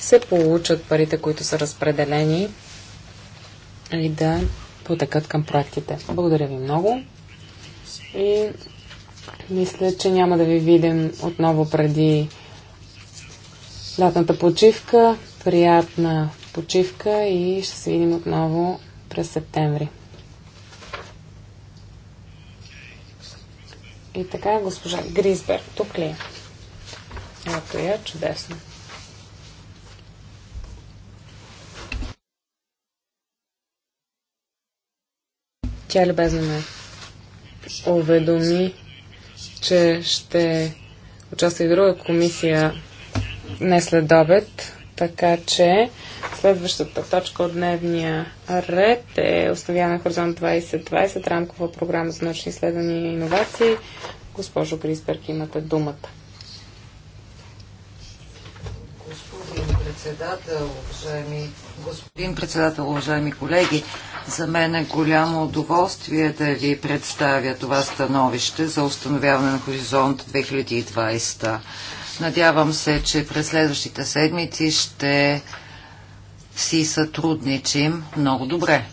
се получат парите, които са разпределени и да потекат към проектите. Благодаря ви много и мисля, че няма да ви видим отново преди лятната почивка. Приятна почивка и ще се видим отново през септември. И така, госпожа Гризбер, тук ли е? Ето я, чудесно. Тя любезно ме уведоми, че ще участва и друга комисия не след обед, така че Следващата точка от дневния ред е Оставяване Хоризонт 2020, рамкова програма за научни изследвания и иновации. Госпожо Крисперк, имате думата. Господин председател, уважаеми, господин председател, уважаеми колеги, за мен е голямо удоволствие да ви представя това становище за установяване на Хоризонт 2020. Надявам се, че през следващите седмици ще си сътрудничим много добре.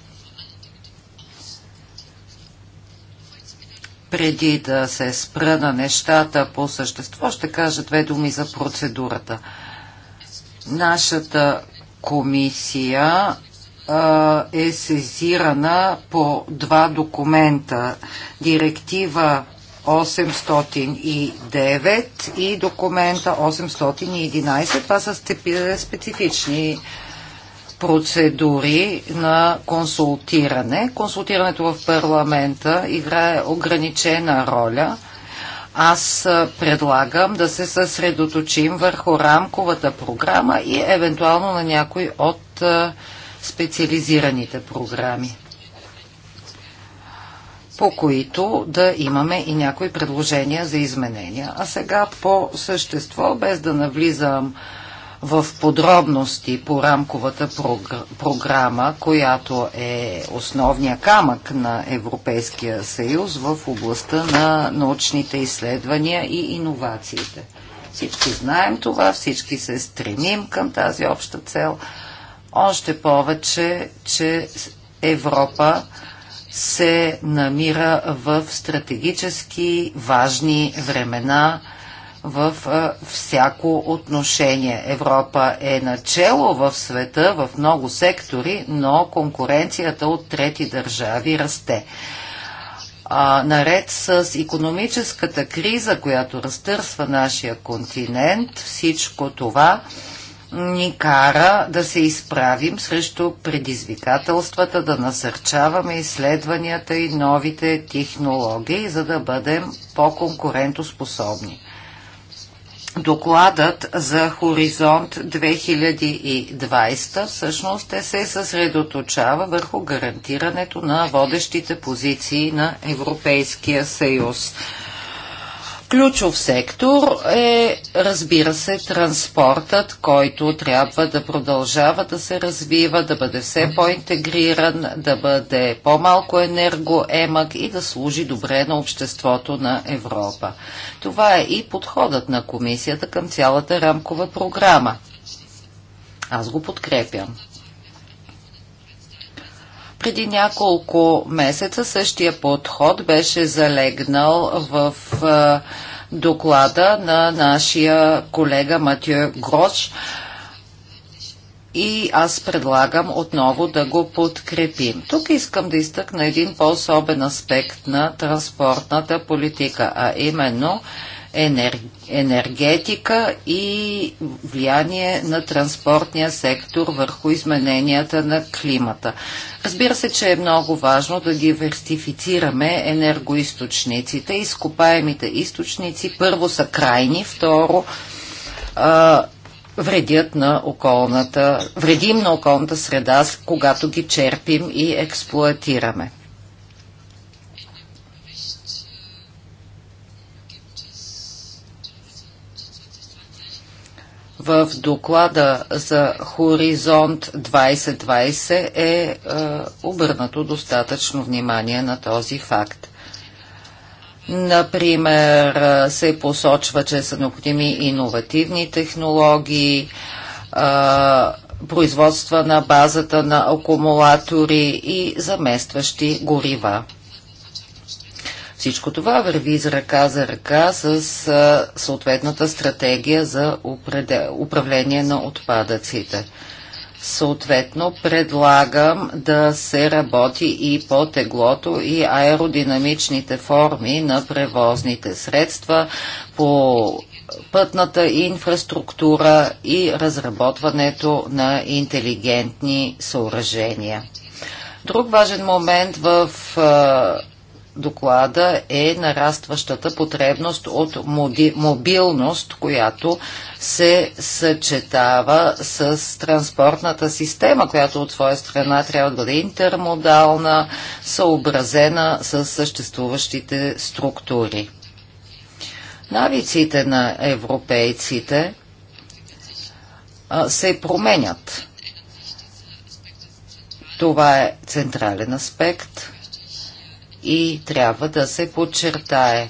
Преди да се спра на нещата по същество, ще кажа две думи за процедурата. Нашата комисия а, е сезирана по два документа. Директива 809 и документа 811. Това са специфични процедури на консултиране. Консултирането в парламента играе ограничена роля. Аз предлагам да се съсредоточим върху рамковата програма и евентуално на някой от специализираните програми, по които да имаме и някои предложения за изменения. А сега по същество, без да навлизам в подробности по рамковата програма, която е основния камък на Европейския съюз в областта на научните изследвания и иновациите. Всички знаем това, всички се стремим към тази обща цел. Още повече, че Европа се намира в стратегически важни времена – в всяко отношение. Европа е начало в света в много сектори, но конкуренцията от трети държави расте. А, наред с економическата криза, която разтърсва нашия континент, всичко това ни кара да се изправим срещу предизвикателствата, да насърчаваме изследванията и новите технологии, за да бъдем по-конкурентоспособни докладът за Хоризонт 2020 всъщност те се съсредоточава върху гарантирането на водещите позиции на Европейския съюз. Ключов сектор е, разбира се, транспортът, който трябва да продължава да се развива, да бъде все по-интегриран, да бъде по-малко енергоемък и да служи добре на обществото на Европа. Това е и подходът на комисията към цялата рамкова програма. Аз го подкрепям. Преди няколко месеца същия подход беше залегнал в а, доклада на нашия колега Матю Грош и аз предлагам отново да го подкрепим. Тук искам да изтъкна един по-особен аспект на транспортната политика, а именно – енер... енергетика и влияние на транспортния сектор върху измененията на климата. Разбира се, че е много важно да диверсифицираме енергоисточниците. Изкопаемите източници първо са крайни, второ а, вредят на околната, вредим на околната среда, когато ги черпим и експлуатираме. в доклада за Хоризонт 2020 е, е обърнато достатъчно внимание на този факт. Например, е, се посочва, че са необходими иновативни технологии, е, производства на базата на акумулатори и заместващи горива. Всичко това върви за ръка за ръка с съответната стратегия за управление на отпадъците. Съответно, предлагам да се работи и по теглото и аеродинамичните форми на превозните средства по пътната инфраструктура и разработването на интелигентни съоръжения. Друг важен момент в доклада е нарастващата потребност от мобилност, която се съчетава с транспортната система, която от своя страна трябва да бъде интермодална, съобразена с съществуващите структури. Навиците на европейците се променят. Това е централен аспект – и трябва да се подчертае.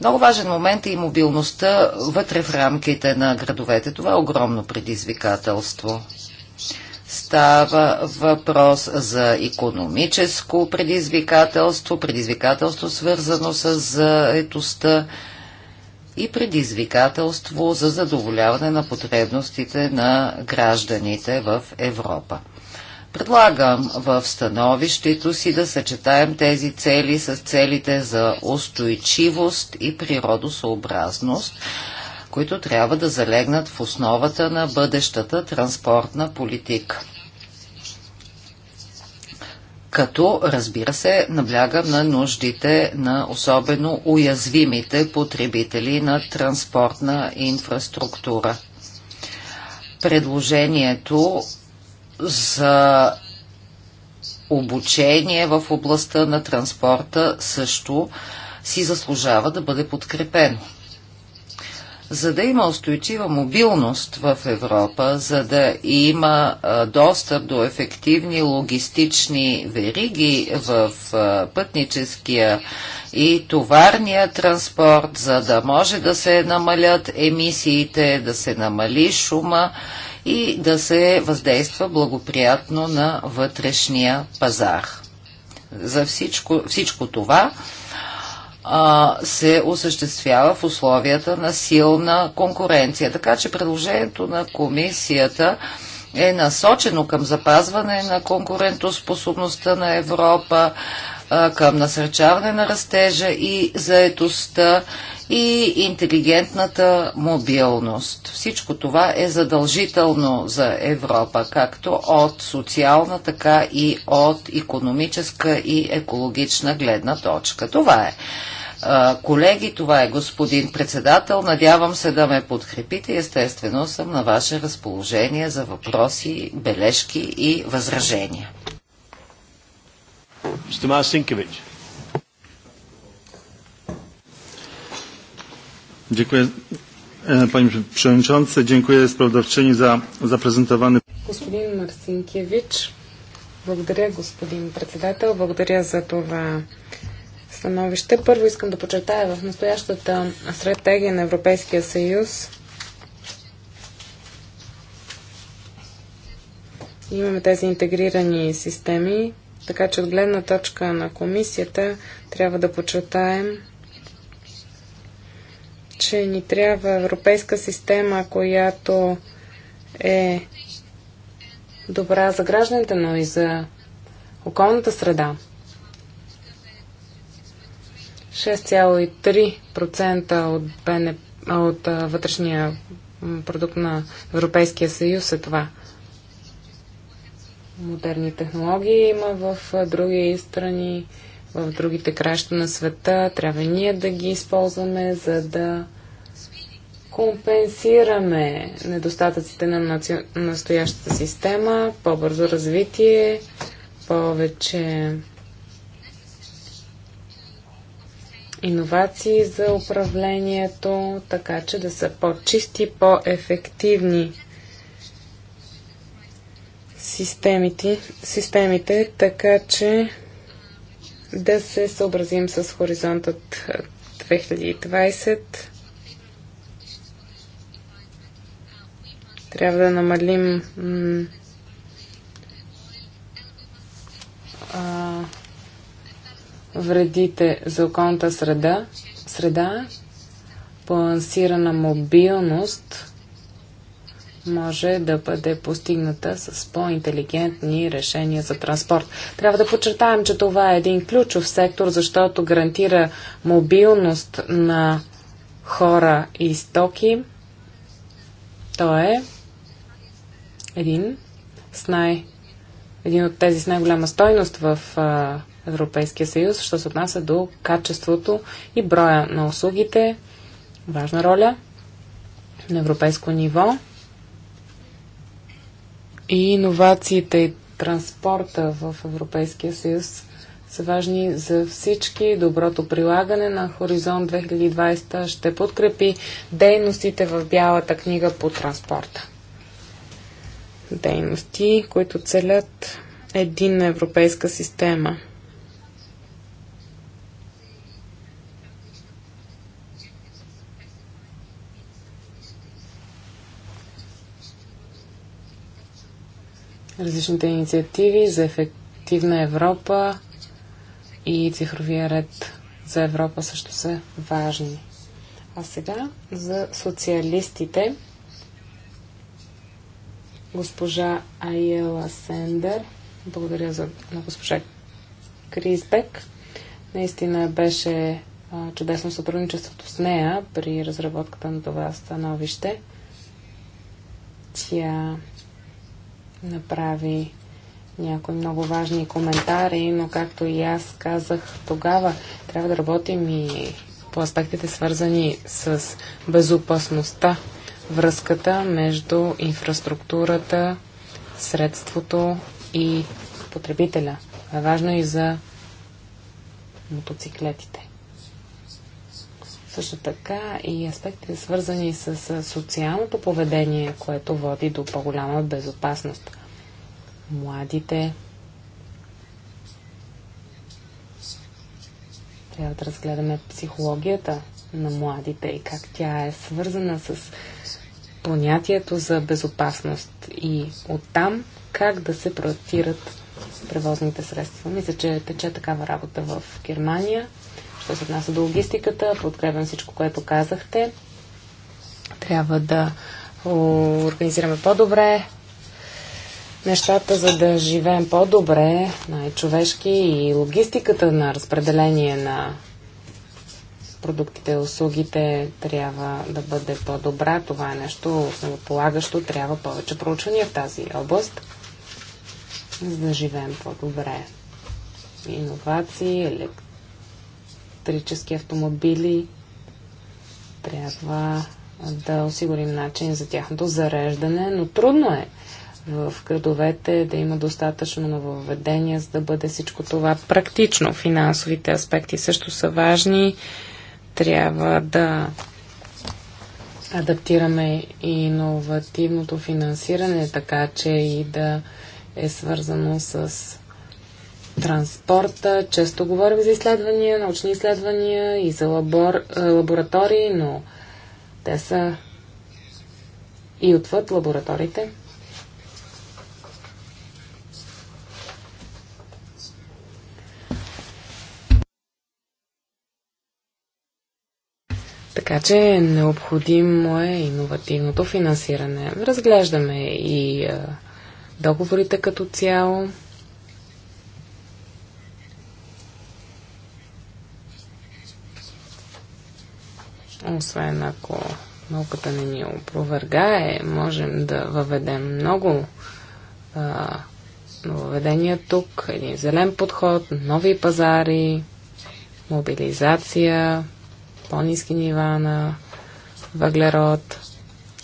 Много важен момент е и мобилността вътре в рамките на градовете. Това е огромно предизвикателство. Става въпрос за економическо предизвикателство, предизвикателство свързано с заетостта и предизвикателство за задоволяване на потребностите на гражданите в Европа. Предлагам в становището си да съчетаем тези цели с целите за устойчивост и природосъобразност, които трябва да залегнат в основата на бъдещата транспортна политика. Като, разбира се, наблягам на нуждите на особено уязвимите потребители на транспортна инфраструктура. Предложението за обучение в областта на транспорта също си заслужава да бъде подкрепено. За да има устойчива мобилност в Европа, за да има достъп до ефективни логистични вериги в пътническия и товарния транспорт, за да може да се намалят емисиите, да се намали шума, и да се въздейства благоприятно на вътрешния пазар. За всичко, всичко това а, се осъществява в условията на силна конкуренция. Така че предложението на комисията е насочено към запазване на конкурентоспособността на Европа, към насърчаване на растежа и заетостта и интелигентната мобилност. Всичко това е задължително за Европа, както от социална, така и от економическа и екологична гледна точка. Това е. Колеги, това е господин председател. Надявам се да ме подкрепите. Естествено съм на ваше разположение за въпроси, бележки и възражения. Mr. Dziękuję. E, panie Przewodniczący, dziękuję sprawozdawczyni za zaprezentowany. Господин Марсинкевич, благодаря господин председател, благодаря за това становище. Първо искам да почертая в настоящата стратегия на Европейския съюз имаме тези интегрирани системи, така че от гледна точка на комисията трябва да почертаем че ни трябва европейска система, която е добра за гражданите, но и за околната среда. 6,3% от, БНП, от вътрешния продукт на Европейския съюз е това. Модерни технологии има в други страни в другите краища на света. Трябва ние да ги използваме, за да компенсираме недостатъците на наци... настоящата система, по-бързо развитие, повече иновации за управлението, така че да са по-чисти, по-ефективни системите, системите, така че да се съобразим с хоризонтът 2020. Трябва да намалим а, вредите за околната среда, среда балансирана мобилност може да бъде постигната с по-интелигентни решения за транспорт. Трябва да подчертаем, че това е един ключов сектор, защото гарантира мобилност на хора и стоки. Той е един с най- един от тези с най-голяма стойност в Европейския съюз, що се отнася до качеството и броя на услугите. Важна роля на европейско ниво и иновациите и транспорта в Европейския съюз са важни за всички. Доброто прилагане на Хоризонт 2020 ще подкрепи дейностите в Бялата книга по транспорта. Дейности, които целят на европейска система – различните инициативи за ефективна Европа и цифровия ред за Европа също са важни. А сега за социалистите. Госпожа Айела Сендер. Благодаря за, на госпожа Кризбек. Наистина беше а, чудесно сътрудничеството с нея при разработката на това становище. Тя направи някои много важни коментари, но както и аз казах тогава, трябва да работим и по аспектите свързани с безопасността, връзката между инфраструктурата, средството и потребителя. Това е важно и за мотоциклетите също така и аспекти свързани с социалното поведение, което води до по-голяма безопасност. Младите трябва да разгледаме психологията на младите и как тя е свързана с понятието за безопасност и оттам как да се проектират превозните средства. Мисля, че тече такава работа в Германия. Що се отнася до логистиката, подкрепям всичко, което казахте. Трябва да организираме по-добре нещата, за да живеем по-добре, най-човешки и логистиката на разпределение на продуктите и услугите трябва да бъде по-добра. Това е нещо основополагащо. Трябва повече проучвания в тази област, за да живеем по-добре. Иновации, електроники електрически автомобили. Трябва да осигурим начин за тяхното зареждане, но трудно е в градовете да има достатъчно нововведения, за да бъде всичко това практично. Финансовите аспекти също са важни. Трябва да адаптираме и иновативното финансиране, така че и да е свързано с транспорта. Често говорим за изследвания, научни изследвания и за лабор, е, лаборатории, но те са и отвъд лабораториите. Така че необходимо е иновативното финансиране. Разглеждаме и е, договорите като цяло. освен ако науката не ни опровергае, можем да въведем много а, тук, един зелен подход, нови пазари, мобилизация, по-низки нива на въглерод.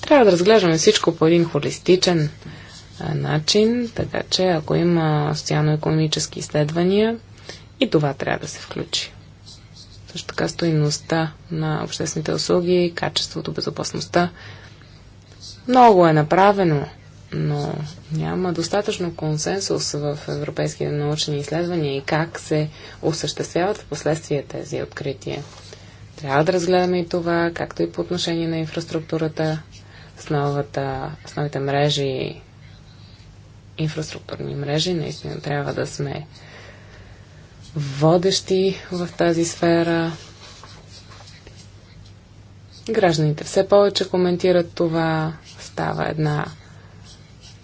Трябва да разглеждаме всичко по един холистичен а, начин, така че ако има социално-економически изследвания, и това трябва да се включи. Също така стоиността на обществените услуги, качеството, безопасността. Много е направено, но няма достатъчно консенсус в европейските научни изследвания и как се осъществяват в последствие тези открития. Трябва да разгледаме и това, както и по отношение на инфраструктурата, с, новата, с новите мрежи, инфраструктурни мрежи. Наистина трябва да сме водещи в тази сфера. Гражданите все повече коментират това. Става една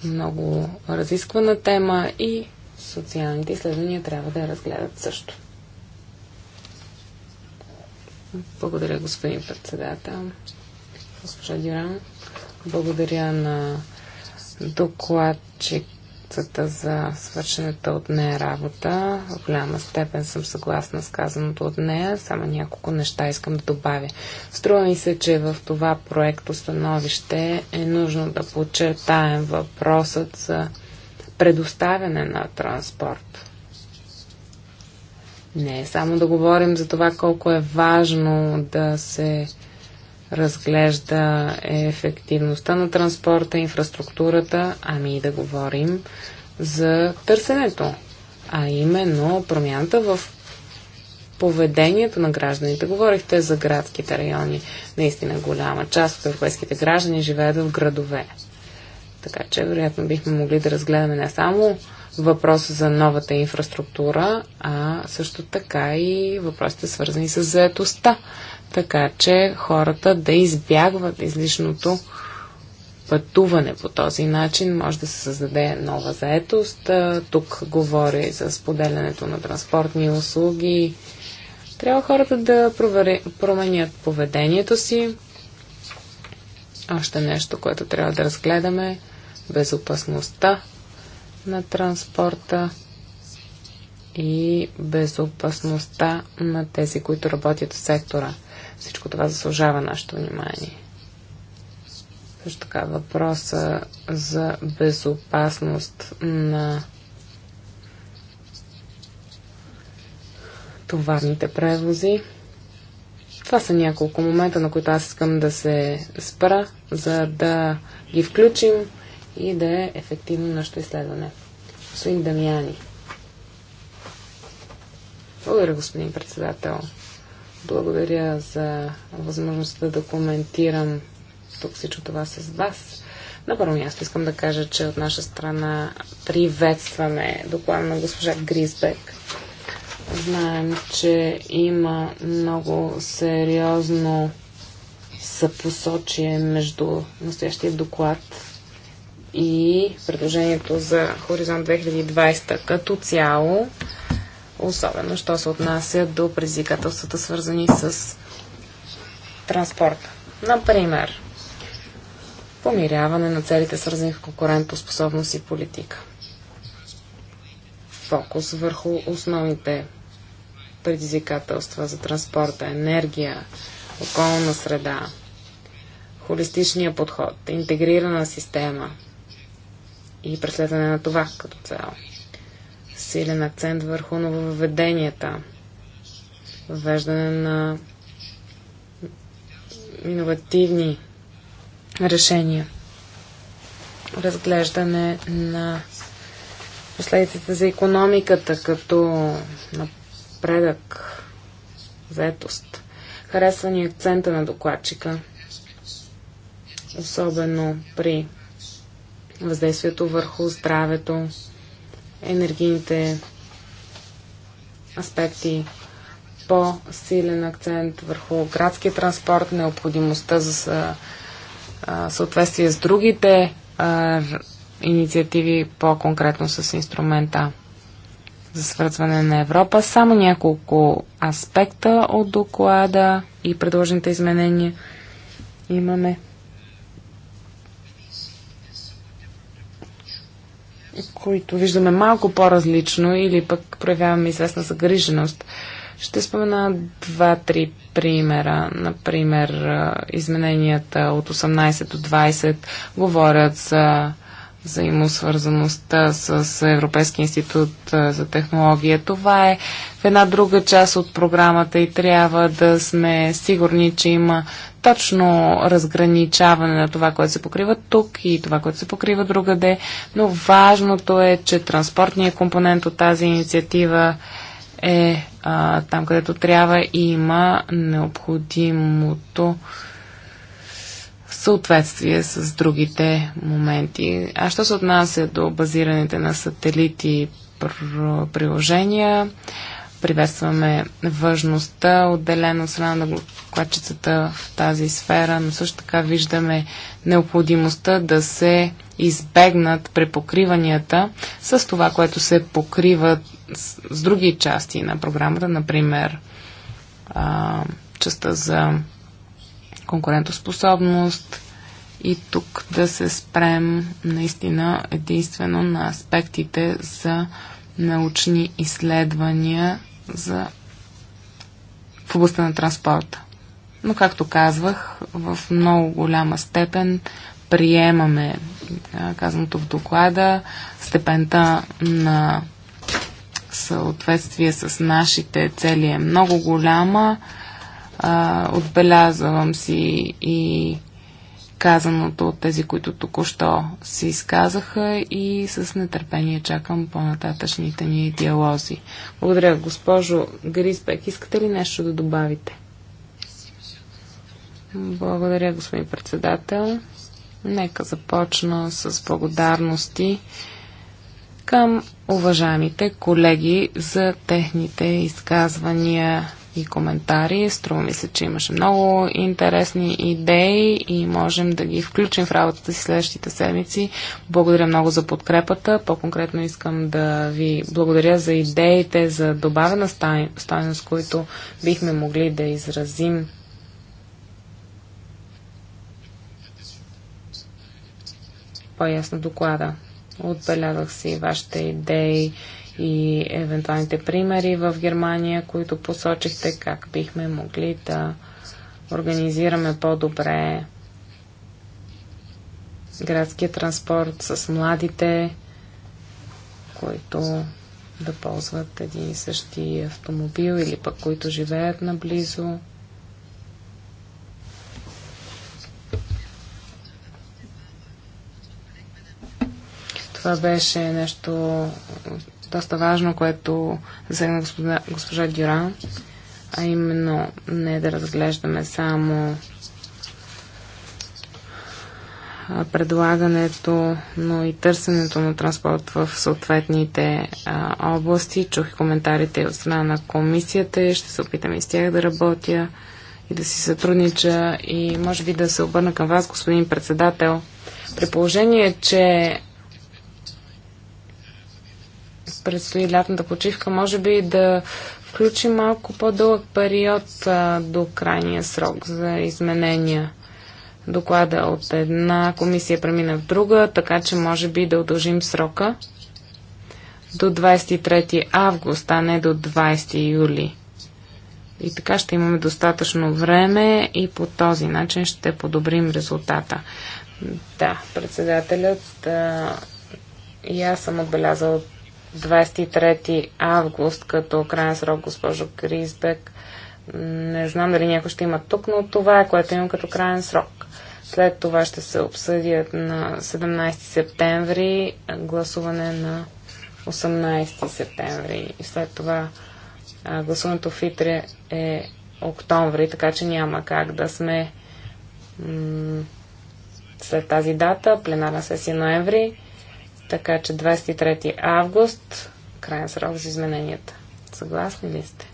много разисквана тема и социалните изследвания трябва да я разгледат също. Благодаря, господин председател. Госпожа Дюран, благодаря на докладчик Цата за свършената от нея работа. В голяма степен съм съгласна с казаното от нея. Само няколко неща искам да добавя. Струва ми се, че в това проекто становище е нужно да подчертаем въпросът за предоставяне на транспорт. Не е само да говорим за това колко е важно да се разглежда е ефективността на транспорта, инфраструктурата, ами и да говорим за търсенето, а именно промяната в поведението на гражданите. Говорихте за градските райони. Наистина голяма част от европейските граждани живеят в градове. Така че, вероятно, бихме могли да разгледаме не само въпроса за новата инфраструктура, а също така и въпросите свързани с заетостта така че хората да избягват излишното пътуване по този начин. Може да се създаде нова заетост. Тук говори за споделянето на транспортни услуги. Трябва хората да провери, променят поведението си. Още нещо, което трябва да разгледаме безопасността на транспорта и безопасността на тези, които работят в сектора. Всичко това заслужава нашето внимание. Също така въпроса за безопасност на товарните превози. Това са няколко момента, на които аз искам да се спра, за да ги включим и да е ефективно нашето изследване. Господин Дамяни. Благодаря, господин председател. Благодаря за възможността да коментирам тук всичко това с вас. На първо място искам да кажа, че от наша страна приветстваме доклада на госпожа Гризбек. Знаем, че има много сериозно съпосочие между настоящия доклад и предложението за Хоризонт 2020 като цяло особено що се отнася до предизвикателствата, свързани с транспорта. Например, помиряване на целите, свързани с конкурентоспособност и политика. Фокус върху основните предизвикателства за транспорта, енергия, околна среда, холистичния подход, интегрирана система и преследване на това като цяло силен акцент върху нововведенията, въвеждане на иновативни решения, разглеждане на последиците за економиката като напредък, заетост. харесване акцента на докладчика, особено при въздействието върху здравето, енергийните аспекти, по-силен акцент върху градския транспорт, необходимостта за съответствие с другите инициативи, по-конкретно с инструмента за свързване на Европа. Само няколко аспекта от доклада и предложените изменения имаме. които виждаме малко по-различно или пък проявяваме известна загриженост. Ще спомена два-три примера. Например, измененията от 18 до 20 говорят за взаимосвързаността с Европейския институт за технология. Това е в една друга част от програмата и трябва да сме сигурни, че има точно разграничаване на това, което се покрива тук и това, което се покрива другаде, но важното е, че транспортният компонент от тази инициатива е а, там, където трябва и има необходимото съответствие с другите моменти. А що се отнася до базираните на сателити приложения, Приветстваме важността, отделена от страна на докладчицата в тази сфера, но също така виждаме необходимостта да се избегнат препокриванията с това, което се покрива с, с други части на програмата, например а, частта за конкурентоспособност, и тук да се спрем наистина единствено на аспектите за научни изследвания за в областта на транспорта. Но, както казвах, в много голяма степен приемаме казаното в доклада, степента на съответствие с нашите цели е много голяма. Отбелязвам си и казаното от тези, които току-що се изказаха и с нетърпение чакам по-нататъчните ни диалози. Благодаря, госпожо Гриспек. Искате ли нещо да добавите? Благодаря, господин председател. Нека започна с благодарности към уважаемите колеги за техните изказвания и коментари. Струва ми се, че имаше много интересни идеи и можем да ги включим в работата си следващите седмици. Благодаря много за подкрепата. По-конкретно искам да ви благодаря за идеите за добавена стойност, които бихме могли да изразим по-ясно доклада. Отбелязах си вашите идеи и евентуалните примери в Германия, които посочихте, как бихме могли да организираме по-добре градския транспорт с младите, които да ползват един и същи автомобил или пък които живеят наблизо. Това беше нещо, доста важно, което засегна госпожа, госпожа Дюран, а именно не да разглеждаме само предлагането, но и търсенето на транспорт в съответните а, области. Чух коментарите от страна на комисията и ще се опитам и с тях да работя и да си сътруднича и може би да се обърна към вас, господин председател. При положение, че предстои лятната почивка, може би да включи малко по-дълъг период а, до крайния срок за изменения. Доклада от една комисия премина в друга, така че може би да удължим срока до 23 август, а не до 20 юли. И така ще имаме достатъчно време и по този начин ще подобрим резултата. Да, председателят, да, и аз съм отбелязал 23 август като крайен срок, госпожо Кризбек. Не знам дали някой ще има тук, но това е което имам като крайен срок. След това ще се обсъдят на 17 септември гласуване на 18 септември. И след това гласуването в ИТРЕ е октомври, така че няма как да сме след тази дата, пленарна сесия ноември така че 23 август, крайен срок за измененията. Съгласни ли сте?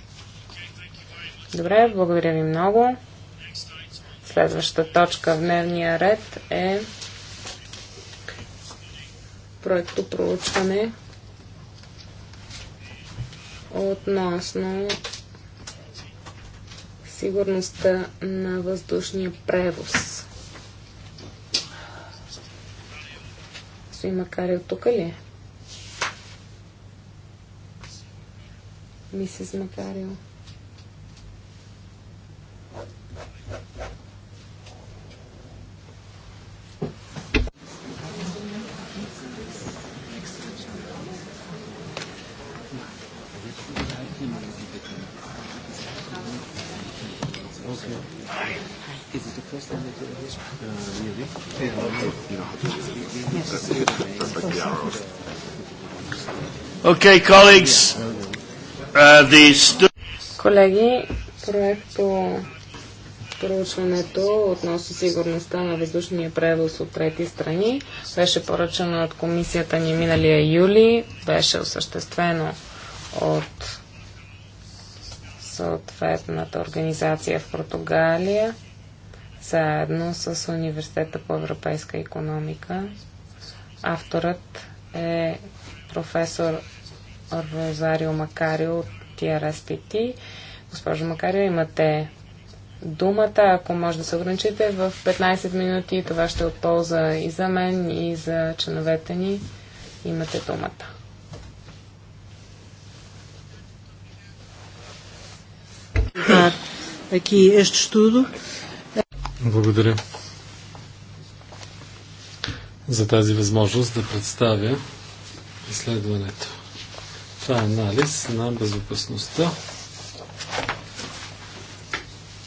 Добре, благодаря ви много. Следващата точка в дневния ред е проекто проучване относно сигурността на въздушния превоз. и макар и от тук ли е? Мисис Макарел. Okay. Okay, colleagues, uh, the Колеги, проекто проучването относно сигурността на въздушния превоз от трети страни беше поръчано от комисията ни миналия юли, беше осъществено от съответната организация в Португалия заедно с Университета по европейска економика. Авторът е професор Розарио Макарио от TRSPT. Госпожо Макарио, имате думата. Ако може да се ограничите в 15 минути, това ще е от полза и за мен, и за членовете ни. Имате думата. Aqui este estudo. Благодаря за тази възможност да представя изследването. Това е анализ на безопасността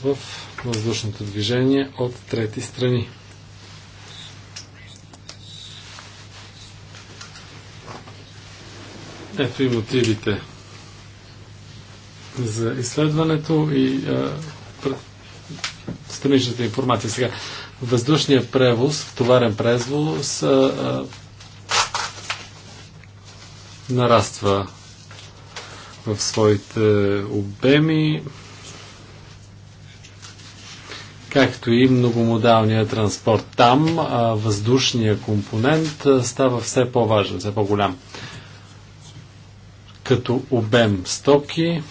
в въздушното движение от трети страни. Ето и мотивите за изследването и а, страничната информация. Сега, въздушният превоз, товарен превоз а, а, нараства в своите обеми, както и многомодалния транспорт. Там а, въздушния компонент а, става все по-важен, все по-голям. Като обем стоки,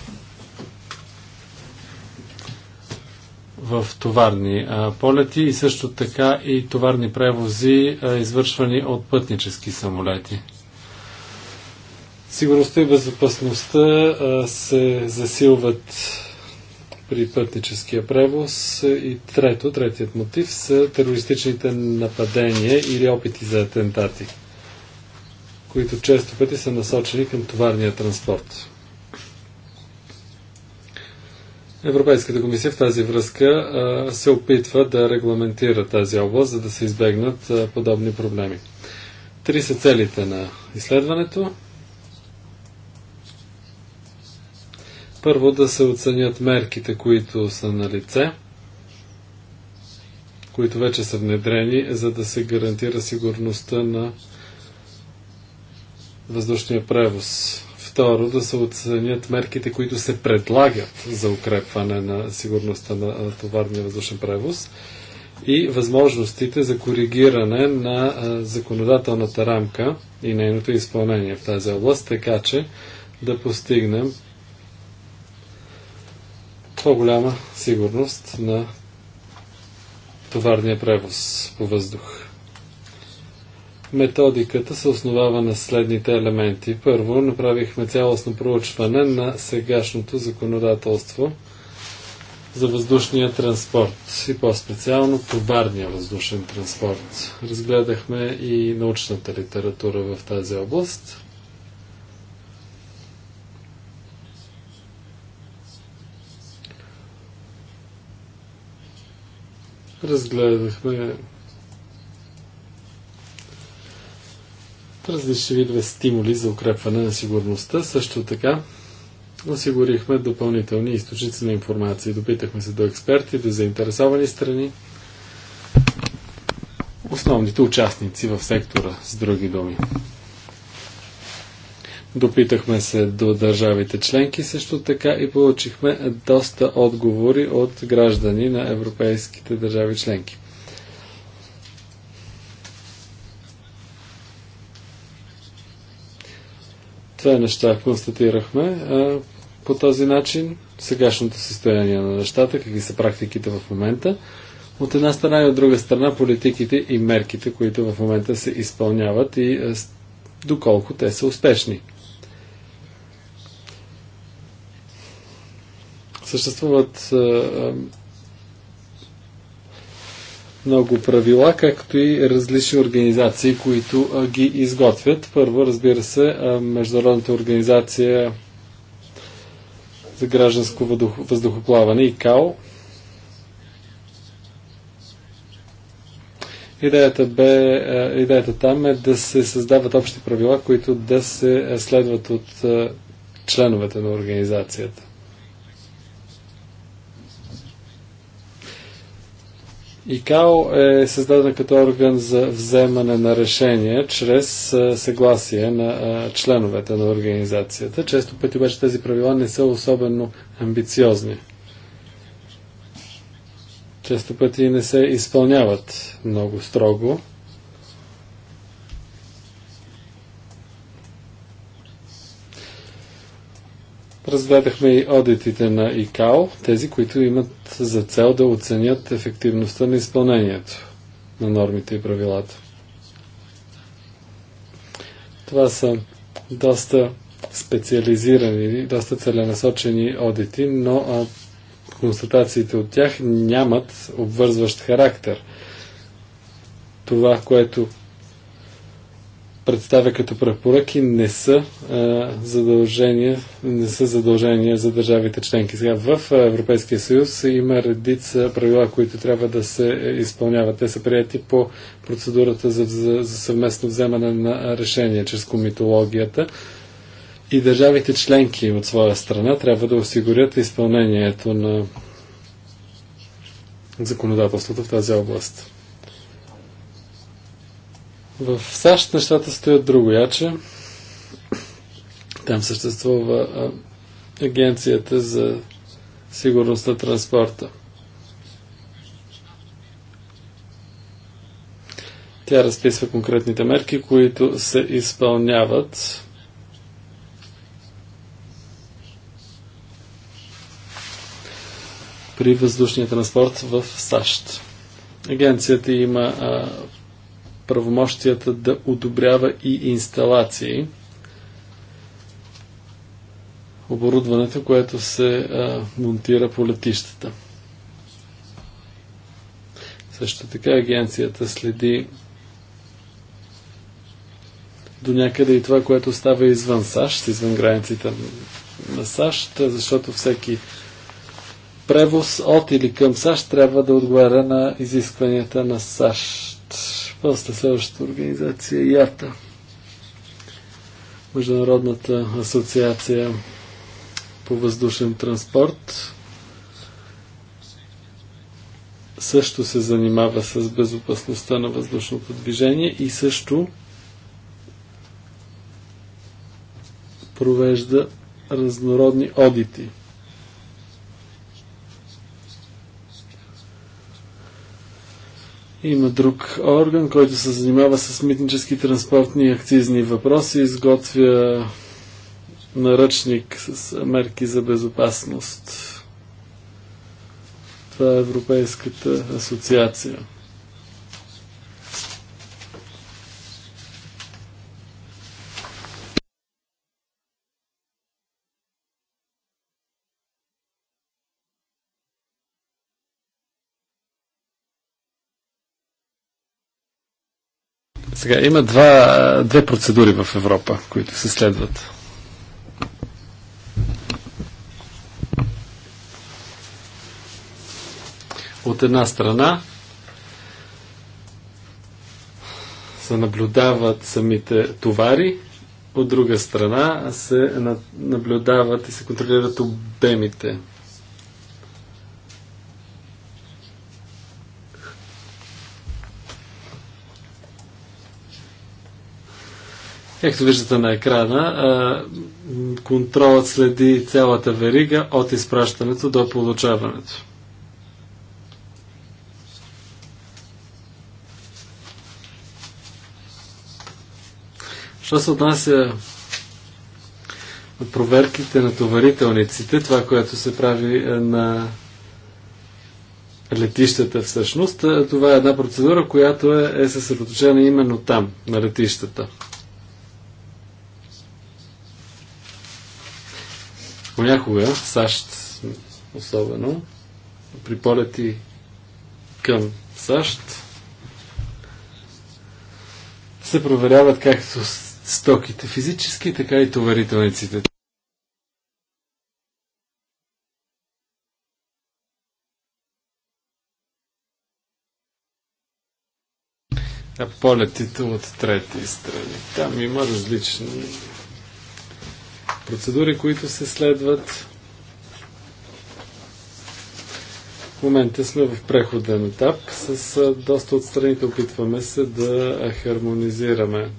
в товарни а, полети и също така и товарни превози, а, извършвани от пътнически самолети. Сигурността и безопасността а, се засилват при пътническия превоз. И трето, третият мотив са терористичните нападения или опити за атентати, които често пъти са насочени към товарния транспорт. Европейската комисия в тази връзка а, се опитва да регламентира тази област, за да се избегнат а, подобни проблеми. Три са целите на изследването. Първо да се оценят мерките, които са на лице, които вече са внедрени, за да се гарантира сигурността на въздушния превоз Второ, да се оценят мерките, които се предлагат за укрепване на сигурността на товарния въздушен превоз и възможностите за коригиране на законодателната рамка и нейното изпълнение в тази област, така че да постигнем по-голяма сигурност на товарния превоз по въздух. Методиката се основава на следните елементи. Първо, направихме цялостно проучване на сегашното законодателство за въздушния транспорт и по-специално товарния въздушен транспорт. Разгледахме и научната литература в тази област. Разгледахме различни видове стимули за укрепване на сигурността. Също така осигурихме допълнителни източници на информация. Допитахме се до експерти, до заинтересовани страни, основните участници в сектора, с други думи. Допитахме се до държавите членки също така и получихме доста отговори от граждани на европейските държави членки. Две неща констатирахме по този начин. Сегашното състояние на нещата, какви са практиките в момента. От една страна и от друга страна политиките и мерките, които в момента се изпълняват и доколко те са успешни. Съществуват много правила, както и различни организации, които а, ги изготвят. Първо, разбира се, а, Международната организация за гражданско въздухоплаване и КАО. Идеята, бе, а, идеята там е да се създават общи правила, които да се следват от членовете на организацията. ИКАО е създаден като орган за вземане на решения чрез съгласие на членовете на организацията. Често пъти обаче тези правила не са особено амбициозни. Често пъти не се изпълняват много строго. Разгледахме и одитите на ИКАО, тези, които имат за цел да оценят ефективността на изпълнението на нормите и правилата. Това са доста специализирани, доста целенасочени одити, но а, констатациите от тях нямат обвързващ характер. Това, което представя като препоръки, не са а, задължения, не са задължения за държавите членки. Сега в Европейския съюз има редица правила, които трябва да се изпълняват. Те са прияти по процедурата за, за, за съвместно вземане на решение чрез комитологията. И държавите членки от своя страна трябва да осигурят изпълнението на законодателството в тази област. В САЩ нещата стоят другояче. Там съществува Агенцията за сигурност на транспорта. Тя разписва конкретните мерки, които се изпълняват. при въздушния транспорт в САЩ. Агенцията има а, правомощията да одобрява и инсталации. Оборудването, което се а, монтира по летищата. Също така агенцията следи до някъде и това, което става извън САЩ, извън границите на САЩ, защото всеки превоз от или към САЩ трябва да отговаря на изискванията на САЩ. После следващата организация ЯТА. Е Международната асоциация по въздушен транспорт също се занимава с безопасността на въздушното движение и също провежда разнородни одити – Има друг орган, който се занимава с митнически, транспортни и акцизни въпроси, изготвя наръчник с мерки за безопасност. Това е Европейската асоциация. Сега има два, две процедури в Европа, които се следват. От една страна се наблюдават самите товари, от друга страна се наблюдават и се контролират обемите Както виждате на екрана, контролът следи цялата верига от изпращането до получаването. Що се отнася проверките на товарителниците, това, което се прави е, на летищата всъщност, е, това е една процедура, която е, е съсредоточена именно там, на летищата. Понякога, в САЩ особено, при полети към САЩ, се проверяват както стоките физически, така и товарителниците. А полетите от трети страни. Там има различни процедури, които се следват. В момента сме в преходен етап. С доста от страните опитваме се да хармонизираме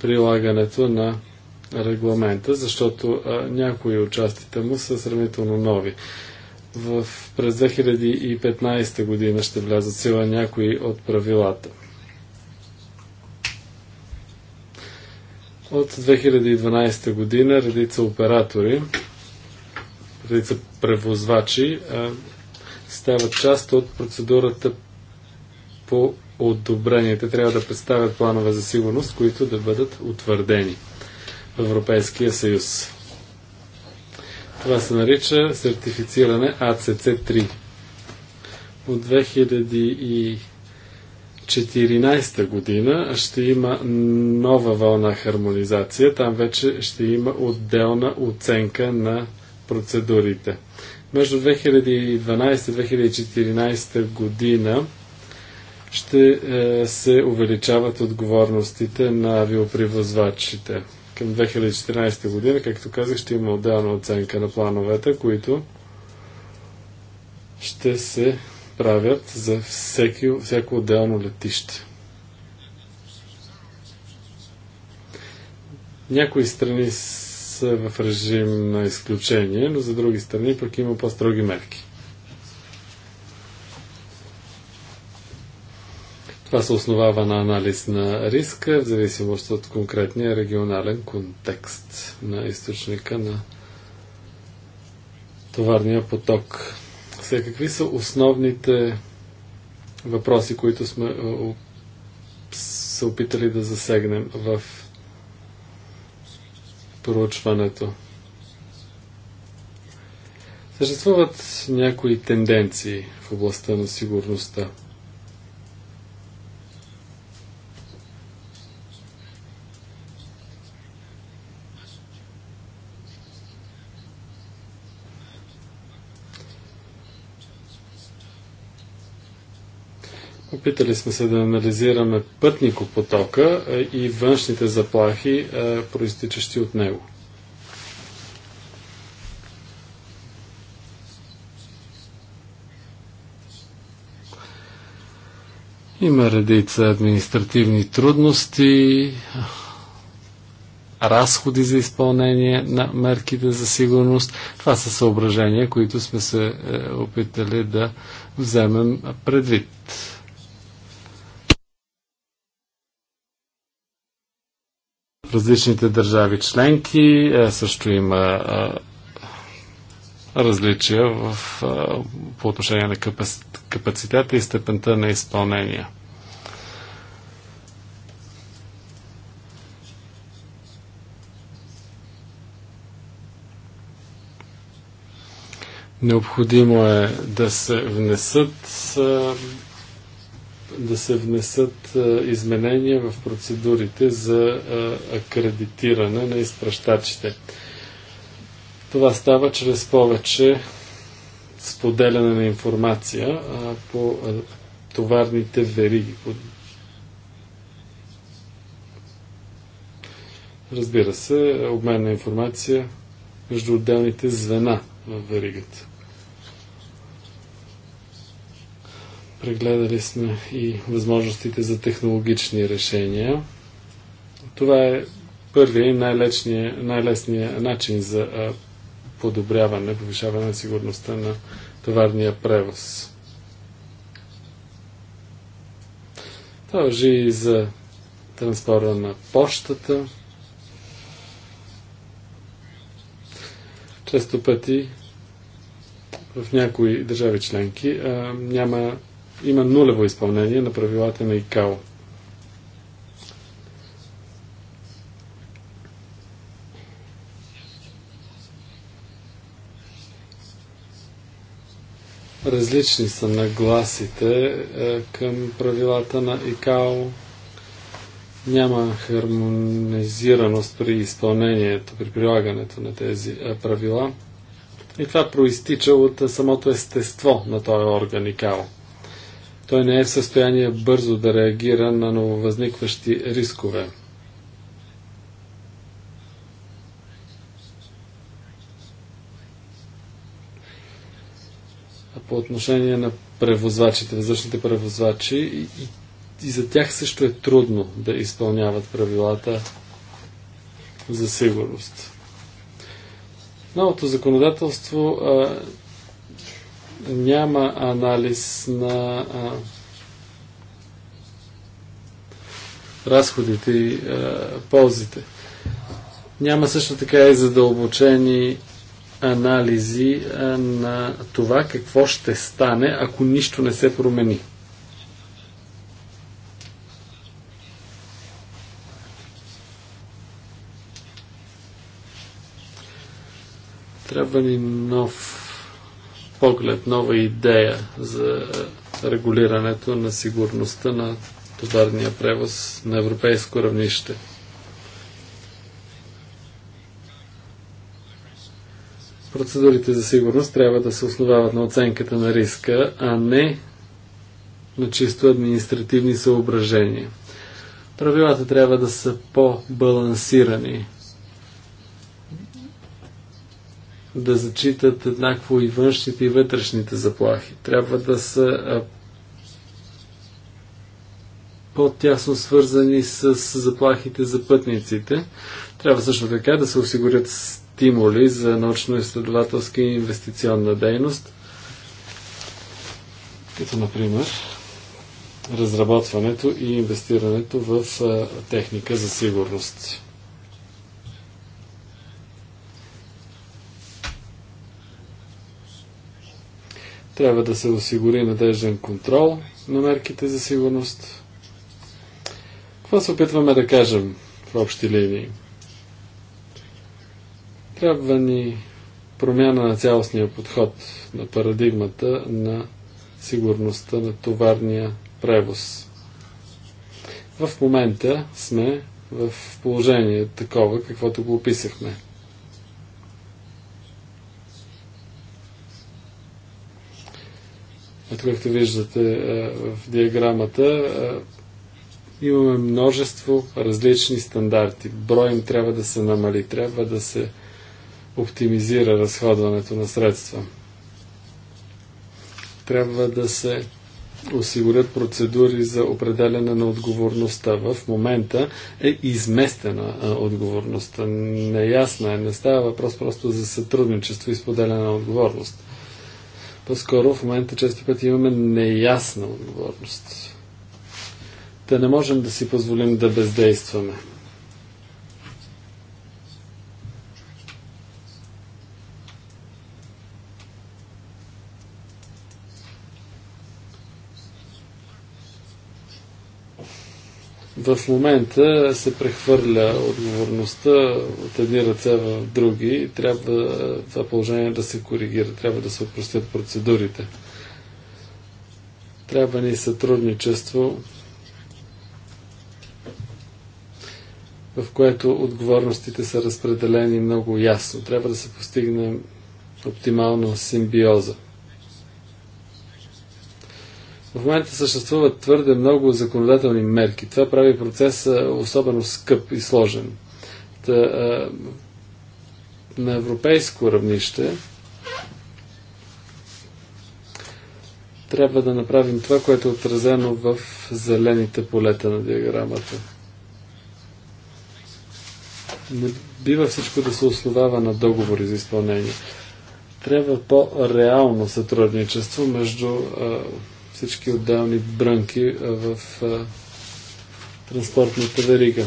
прилагането на регламента, защото някои участите му са сравнително нови. В, през 2015 година ще влязат сила някои от правилата. От 2012 година редица оператори, редица превозвачи а, стават част от процедурата по одобрение. Те трябва да представят планове за сигурност, които да бъдат утвърдени в Европейския съюз. Това се нарича сертифициране АЦЦ-3. От 2000 2014 година ще има нова вълна хармонизация. Там вече ще има отделна оценка на процедурите. Между 2012-2014 година ще е, се увеличават отговорностите на авиопривозвачите. Към 2014 година, както казах, ще има отделна оценка на плановете, които ще се правят за всеки, всяко отделно летище. Някои страни са в режим на изключение, но за други страни пък има по-строги мерки. Това се основава на анализ на риска в зависимост от конкретния регионален контекст на източника на товарния поток. Сега, какви са основните въпроси, които сме е, се опитали да засегнем в проучването? Съществуват някои тенденции в областта на сигурността – Опитали сме се да анализираме пътникопотока е, и външните заплахи, е, проистичащи от него. Има редица административни трудности, разходи за изпълнение на мерките за сигурност. Това са съображения, които сме се е, опитали да вземем предвид. различните държави членки. Е, също има е, различия в, е, по отношение на капацитета и степента на изпълнение. Необходимо е да се внесат да се внесат изменения в процедурите за акредитиране на изпращачите. Това става чрез повече споделяне на информация по товарните вериги. Разбира се, обмен на информация между отделните звена в веригата. Прегледали сме и възможностите за технологични решения. Това е първият и най-лесният най начин за подобряване, повишаване на сигурността на товарния превоз. Това въжи и за транспорта на почтата. Често пъти в някои държави членки а, няма има нулево изпълнение на правилата на ИКАО. различни са нагласите е, към правилата на ИКАО. Няма хармонизираност при изпълнението, при прилагането на тези е, правила. И това проистича от е, самото естество на този орган ИКАО той не е в състояние бързо да реагира на нововъзникващи рискове. А по отношение на превозвачите, въздушните превозвачи, и, и за тях също е трудно да изпълняват правилата за сигурност. Новото законодателство а, няма анализ на а, разходите и а, ползите. Няма също така и задълбочени анализи а, на това какво ще стане, ако нищо не се промени. Трябва ни нов поглед, нова идея за е, регулирането на сигурността на товарния превоз на европейско равнище. Процедурите за сигурност трябва да се основават на оценката на риска, а не на чисто административни съображения. Правилата трябва да са по-балансирани да зачитат еднакво и външните и вътрешните заплахи. Трябва да са по-тясно свързани с заплахите за пътниците. Трябва също така да се осигурят стимули за научно-изследователска и инвестиционна дейност, като например разработването и инвестирането в техника за сигурност. Трябва да се осигури надежден контрол на мерките за сигурност. Какво се опитваме да кажем в общи линии? Трябва ни промяна на цялостния подход на парадигмата на сигурността на товарния превоз. В момента сме в положение такова, каквото го описахме – Както виждате е, в диаграмата, е, имаме множество различни стандарти. Брой им трябва да се намали, трябва да се оптимизира разходването на средства. Трябва да се осигурят процедури за определяне на отговорността. В момента е изместена е, отговорността. Неясна е, не става въпрос просто за сътрудничество и споделяне на отговорност. По-скоро в момента често пъти имаме неясна отговорност. Да не можем да си позволим да бездействаме. в момента се прехвърля отговорността от едни ръце в други. Трябва това положение да се коригира, трябва да се опростят процедурите. Трябва ни сътрудничество, в което отговорностите са разпределени много ясно. Трябва да се постигне оптимална симбиоза. В момента съществуват твърде много законодателни мерки. Това прави процеса особено скъп и сложен. Та, а, на европейско равнище трябва да направим това, което е отразено в зелените полета на диаграмата. Не бива всичко да се основава на договори за изпълнение. Трябва по-реално сътрудничество между а, всички отделни брънки в транспортната верига.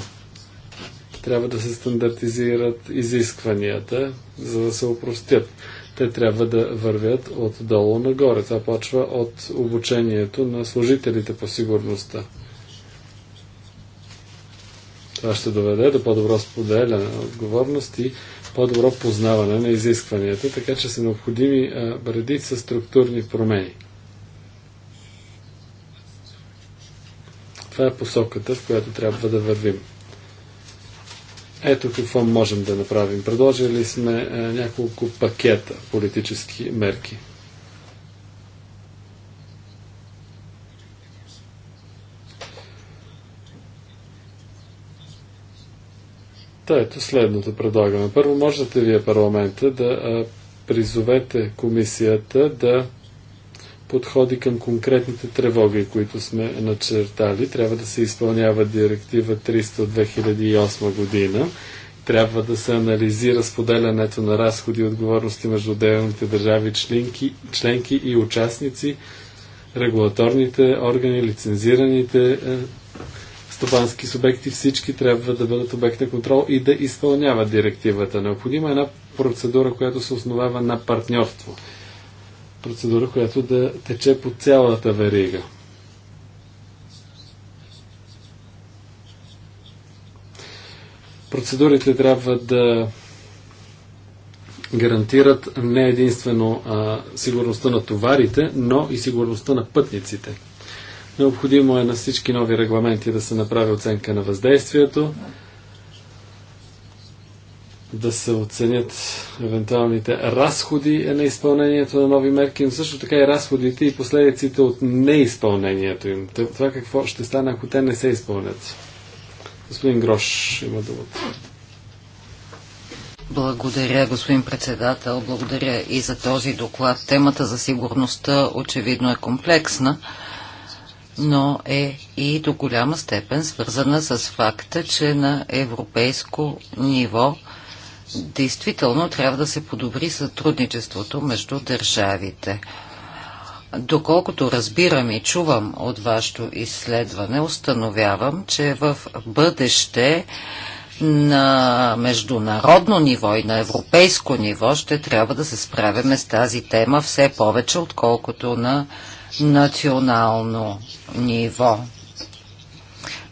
Трябва да се стандартизират изискванията, за да се упростят. Те трябва да вървят отдолу нагоре. Това почва от обучението на служителите по сигурността. Това ще доведе до по-добро споделяне на отговорност и по-добро познаване на изискванията, така че са необходими редица структурни промени – Това е посоката, в която трябва да вървим. Ето какво можем да направим. Предложили сме е, няколко пакета политически мерки. Та ето следното предлагаме. Първо, можете вие парламента да е, призовете комисията да подходи към конкретните тревоги, които сме начертали. Трябва да се изпълнява директива 300 от 2008 година. Трябва да се анализира споделянето на разходи и отговорности между отделните държави членки, членки и участници, регулаторните органи, лицензираните е, стопански субекти, всички трябва да бъдат обект на контрол и да изпълняват директивата. Необходима е една процедура, която се основава на партньорство – процедура, която да тече по цялата верига. Процедурите трябва да гарантират не единствено а, сигурността на товарите, но и сигурността на пътниците. Необходимо е на всички нови регламенти да се направи оценка на въздействието да се оценят евентуалните разходи на изпълнението на нови мерки, но също така и разходите и последиците от неизпълнението им. Това какво ще стане, ако те не се изпълнят. Господин Грош има думата. Благодаря, господин председател. Благодаря и за този доклад. Темата за сигурността очевидно е комплексна, но е и до голяма степен свързана с факта, че на европейско ниво действително трябва да се подобри сътрудничеството между държавите. Доколкото разбирам и чувам от вашето изследване, установявам, че в бъдеще на международно ниво и на европейско ниво ще трябва да се справяме с тази тема все повече, отколкото на национално ниво.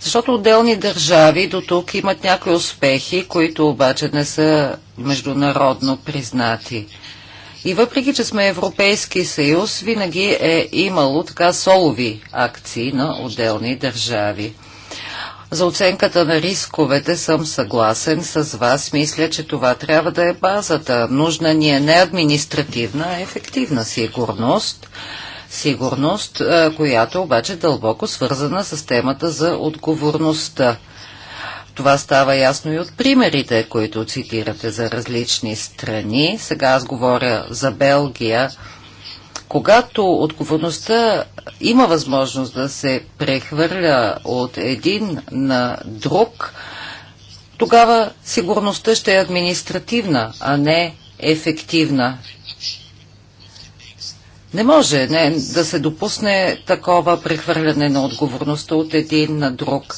Защото отделни държави до тук имат някои успехи, които обаче не са международно признати. И въпреки, че сме Европейски съюз, винаги е имало така солови акции на отделни държави. За оценката на рисковете съм съгласен с вас. Мисля, че това трябва да е базата. Нужна ни е не административна, а ефективна сигурност – сигурност, която обаче е дълбоко свързана с темата за отговорността. Това става ясно и от примерите, които цитирате за различни страни. Сега аз говоря за Белгия. Когато отговорността има възможност да се прехвърля от един на друг, тогава сигурността ще е административна, а не ефективна. Не може не, да се допусне такова прехвърляне на отговорността от един на друг.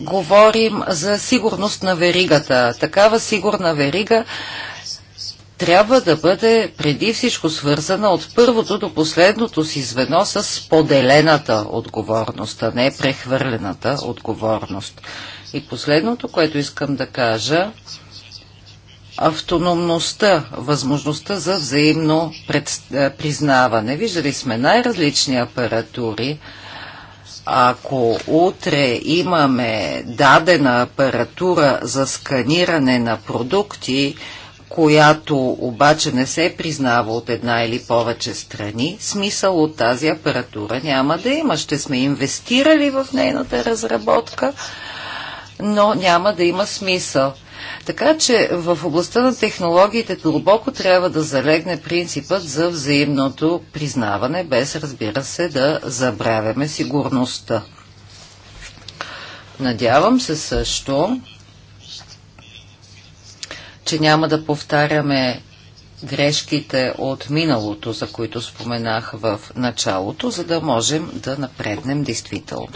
Говорим за сигурност на веригата. Такава сигурна верига трябва да бъде преди всичко свързана от първото до последното си звено с поделената отговорност, а не прехвърлената отговорност. И последното, което искам да кажа, автономността, възможността за взаимно пред, е, признаване. Виждали сме най-различни апаратури. Ако утре имаме дадена апаратура за сканиране на продукти, която обаче не се признава от една или повече страни, смисъл от тази апаратура няма да има. Ще сме инвестирали в нейната разработка, но няма да има смисъл. Така че в областта на технологиите дълбоко трябва да залегне принципът за взаимното признаване, без разбира се да забравяме сигурността. Надявам се също, че няма да повтаряме грешките от миналото, за които споменах в началото, за да можем да напреднем действително.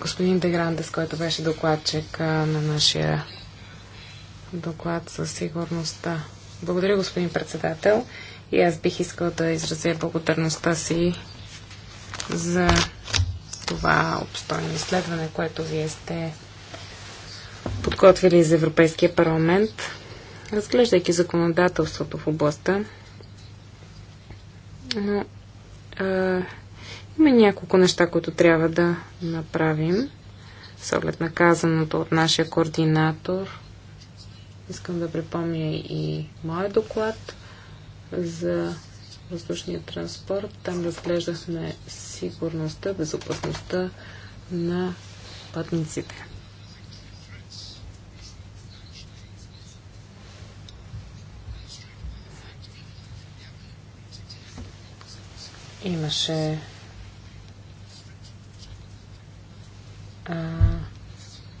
Господин Деграндес, който беше докладчик на нашия доклад със сигурността. Благодаря, господин председател. И аз бих искал да изразя благодарността си за това обстойно изследване, което вие сте подготвили за Европейския парламент, разглеждайки законодателството в областта. Но а, има няколко неща, които трябва да направим с оглед на казаното от нашия координатор. Искам да припомня и моят доклад за въздушния транспорт. Там разглеждахме сигурността, безопасността на пътниците. Имаше а,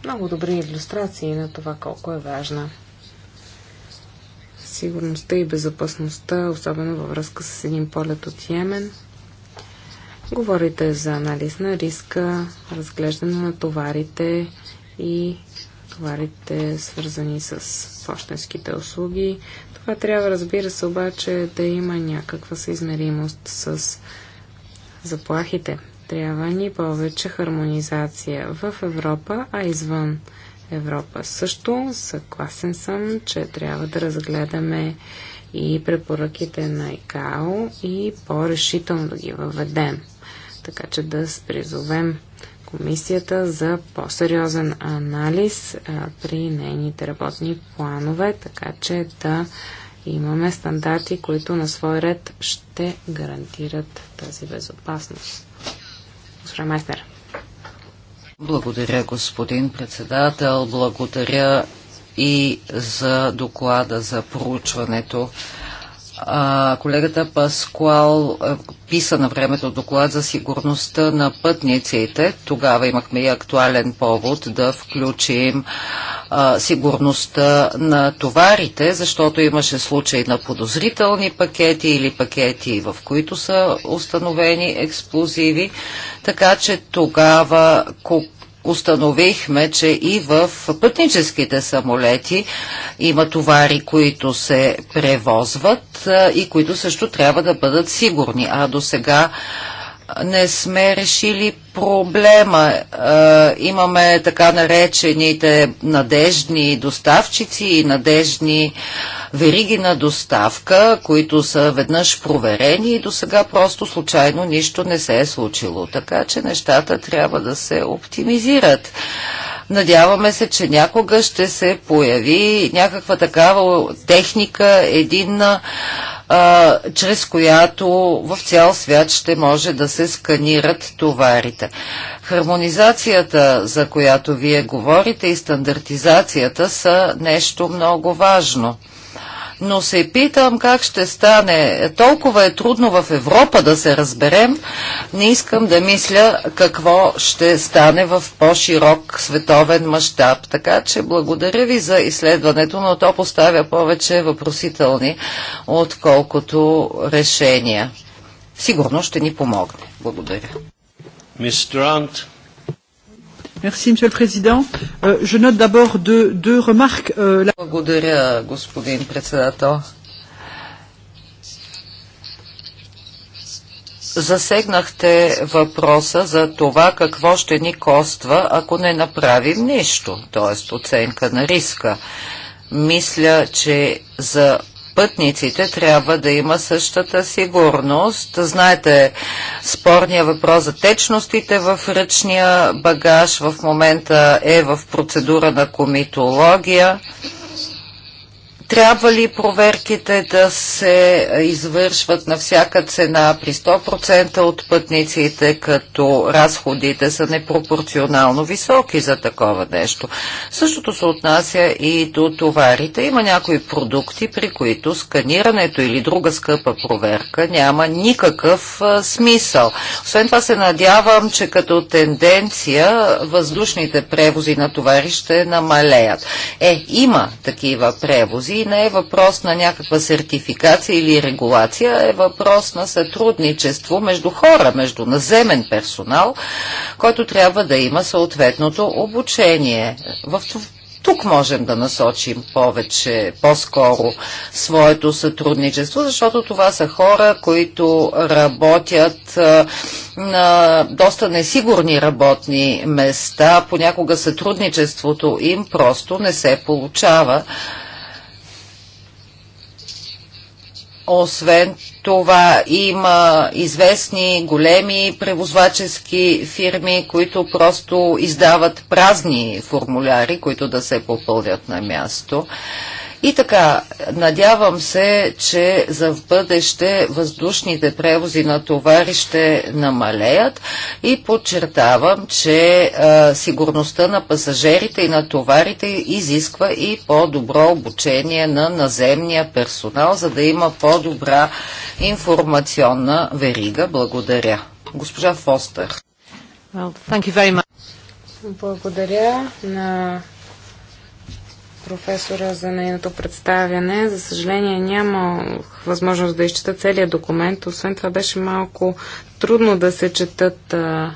много добри иллюстрации на това колко е важна сигурността и безопасността, особено във връзка с един полет от Йемен. Говорите за анализ на риска, разглеждане на товарите и товарите свързани с почтенските услуги. Това трябва, разбира се, обаче да има някаква съизмеримост с заплахите. Трябва ни повече хармонизация в Европа, а извън Европа също. Съгласен съм, че трябва да разгледаме и препоръките на ИКАО и по-решително да ги въведем. Така че да призовем комисията за по-сериозен анализ а, при нейните работни планове, така че да имаме стандарти, които на свой ред ще гарантират тази безопасност. Господин майстер! Благодаря, господин председател. Благодаря и за доклада за проучването а, колегата Паскуал е, писа на времето доклад за сигурността на пътниците. Тогава имахме и актуален повод да включим а, сигурността на товарите, защото имаше случаи на подозрителни пакети или пакети, в които са установени експлозиви. Така че тогава установихме, че и в пътническите самолети има товари, които се превозват и които също трябва да бъдат сигурни. А до сега не сме решили проблема. Имаме така наречените надежни доставчици и надежни вериги на доставка, които са веднъж проверени и до сега просто случайно нищо не се е случило. Така че нещата трябва да се оптимизират. Надяваме се, че някога ще се появи някаква такава техника, единна, а, чрез която в цял свят ще може да се сканират товарите. Хармонизацията, за която вие говорите, и стандартизацията са нещо много важно но се питам как ще стане. Толкова е трудно в Европа да се разберем. Не искам да мисля какво ще стане в по-широк световен мащаб. Така че благодаря ви за изследването, но то поставя повече въпросителни, отколкото решения. Сигурно ще ни помогне. Благодаря. Мистер Ант monsieur le président. Euh, je note d'abord deux, deux remarques. Euh, Благодаря, господин председател. Засегнахте въпроса за това какво ще ни коства, ако не направим нищо, т.е. оценка на риска. Мисля, че за пътниците трябва да има същата сигурност. Знаете, спорния въпрос за течностите в ръчния багаж в момента е в процедура на комитология. Трябва ли проверките да се извършват на всяка цена при 100% от пътниците, като разходите са непропорционално високи за такова нещо? Същото се отнася и до товарите. Има някои продукти, при които сканирането или друга скъпа проверка няма никакъв смисъл. Освен това се надявам, че като тенденция въздушните превози на товари ще намалеят. Е, има такива превози не е въпрос на някаква сертификация или регулация, е въпрос на сътрудничество между хора, между наземен персонал, който трябва да има съответното обучение. В тук можем да насочим повече, по-скоро своето сътрудничество, защото това са хора, които работят на доста несигурни работни места. Понякога сътрудничеството им просто не се получава Освен това има известни големи превозвачески фирми, които просто издават празни формуляри, които да се попълнят на място. И така, надявам се, че за в бъдеще въздушните превози на товари ще намалеят и подчертавам, че а, сигурността на пасажерите и на товарите изисква и по-добро обучение на наземния персонал, за да има по-добра информационна верига. Благодаря. Госпожа Фостер. Well, Благодаря на професора за нейното представяне. За съжаление няма възможност да изчета целият документ. Освен това беше малко трудно да се четат а,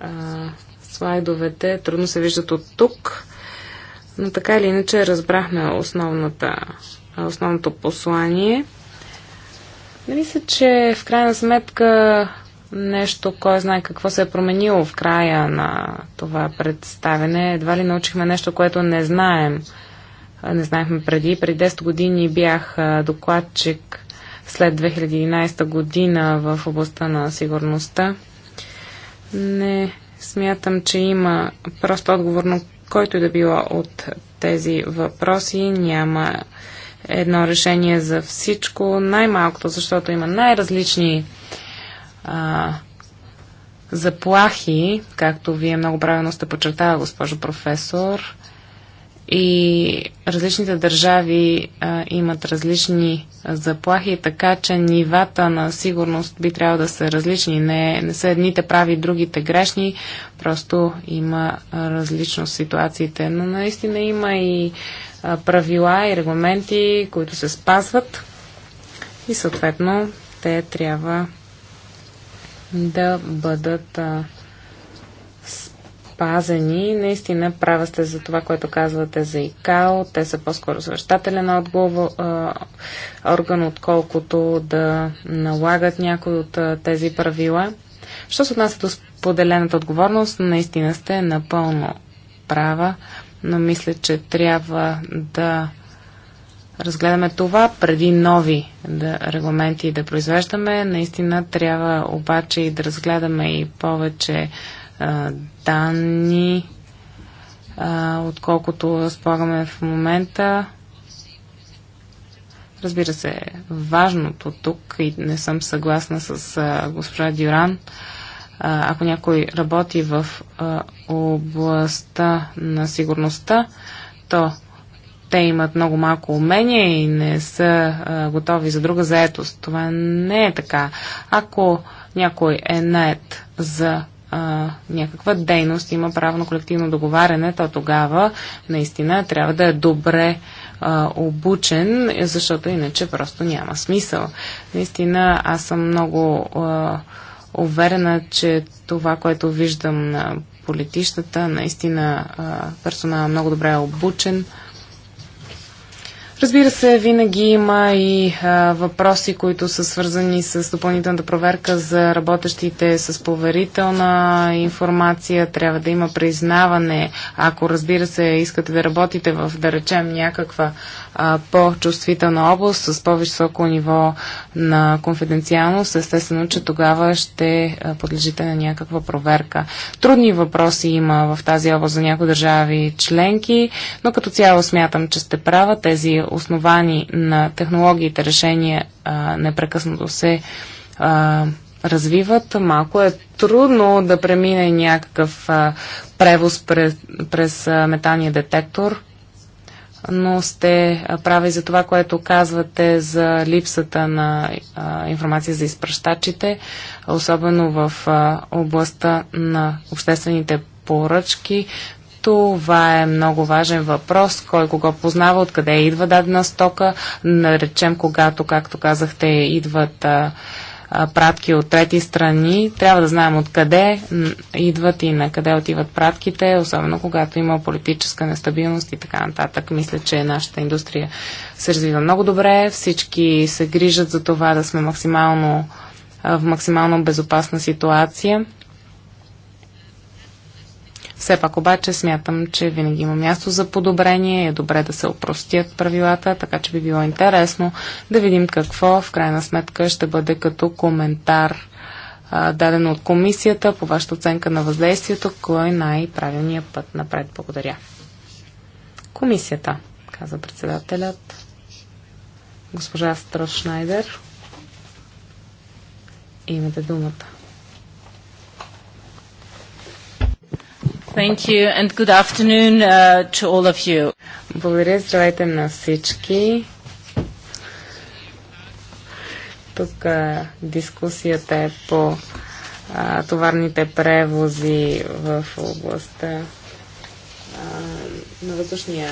а, слайдовете. Трудно се виждат от тук. Но така или иначе разбрахме основната, основното послание. Мисля, че в крайна сметка нещо, кой знае какво се е променило в края на това представене. Едва ли научихме нещо, което не знаем. Не знаехме преди. Преди 10 години бях докладчик след 2011 година в областта на сигурността. Не смятам, че има просто отговор на който и да било от тези въпроси. Няма едно решение за всичко, най-малкото, защото има най-различни а, заплахи, както вие много правилно сте подчертава, госпожо професор, и различните държави а, имат различни заплахи, така че нивата на сигурност би трябвало да са различни. Не, не са едните прави, другите грешни, просто има различност ситуациите. Но наистина има и а, правила и регламенти, които се спазват и съответно те трябва да бъдат а, спазени. Наистина права сте за това, което казвате за ИКАО. Те са по-скоро съвещателен отговор, а, орган, отколкото да налагат някои от а, тези правила. Що се отнася до споделената отговорност, наистина сте напълно права, но мисля, че трябва да разгледаме това преди нови да, регламенти да произвеждаме. Наистина трябва обаче и да разгледаме и повече а, данни, а, отколкото разполагаме в момента. Разбира се, важното тук, и не съм съгласна с а, госпожа Дюран, а, ако някой работи в а, областта на сигурността, то те имат много малко умения и не са а, готови за друга заетост. Това не е така. Ако някой е нает за а, някаква дейност, има право на колективно договаряне, то тогава наистина трябва да е добре а, обучен, защото иначе просто няма смисъл. Наистина аз съм много а, уверена, че това, което виждам на политищата, наистина персонал е много добре е обучен. Разбира се, винаги има и а, въпроси, които са свързани с допълнителната проверка за работещите с поверителна информация. Трябва да има признаване. Ако, разбира се, искате да работите в, да речем, някаква по-чувствителна област с по-високо ниво на конфиденциалност, естествено, че тогава ще подлежите на някаква проверка. Трудни въпроси има в тази област за някои държави членки, но като цяло смятам, че сте права. Тези основани на технологиите решения а, непрекъснато се а, развиват, малко е трудно да премине някакъв а, превоз през, през а, металния детектор, но сте прави за това, което казвате за липсата на а, информация за изпращачите, особено в а, областта на обществените поръчки. Това е много важен въпрос, кой кого познава, откъде идва дадена стока. Наречем, когато, както казахте, идват а, а, пратки от трети страни, трябва да знаем откъде идват и на къде отиват пратките, особено когато има политическа нестабилност и така нататък. Мисля, че нашата индустрия се развива много добре, всички се грижат за това да сме максимално в максимално безопасна ситуация. Все пак обаче смятам, че винаги има място за подобрение, е добре да се опростят правилата, така че би било интересно да видим какво в крайна сметка ще бъде като коментар дадено даден от комисията по вашата оценка на въздействието, кой е най-правилният път напред. Благодаря. Комисията, каза председателят, госпожа Страшнайдер. Имате думата. Thank you and good afternoon uh, to all of you. Благодаря, здравейте на всички. Тук дискусията е по товарните превози в областта на въздушния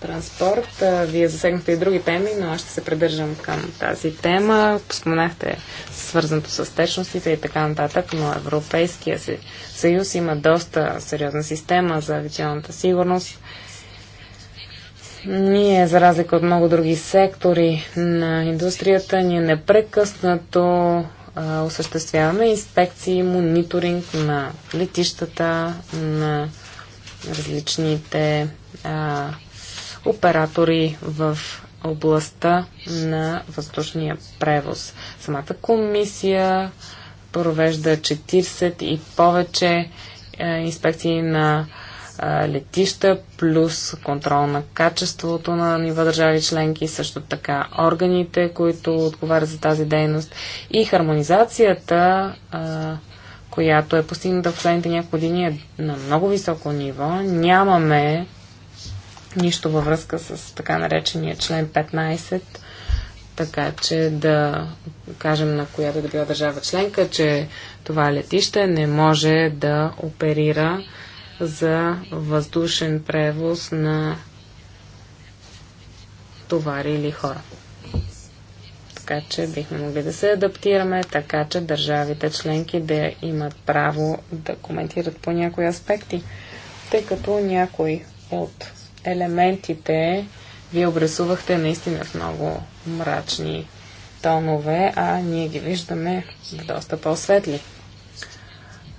транспорт. Вие засегнахте и други теми, но аз ще се придържам към тази тема. Споменахте свързаното с течностите и така нататък, но Европейския съюз има доста сериозна система за авиационната сигурност. Ние, за разлика от много други сектори на индустрията, ние непрекъснато а, осъществяваме инспекции, мониторинг на летищата, на различните а, оператори в областта на въздушния превоз. Самата комисия провежда 40 и повече е, инспекции на е, летища, плюс контрол на качеството на нива държави членки, също така органите, които отговарят за тази дейност и хармонизацията, е, която е постигната в последните няколко години е на много високо ниво. Нямаме нищо във връзка с така наречения член 15, така че да кажем на която да била държава членка, че това летище не може да оперира за въздушен превоз на товари или хора. Така че бихме могли да се адаптираме, така че държавите членки да имат право да коментират по някои аспекти, тъй като някои от елементите вие образувахте наистина в много мрачни тонове, а ние ги виждаме в доста по-светли.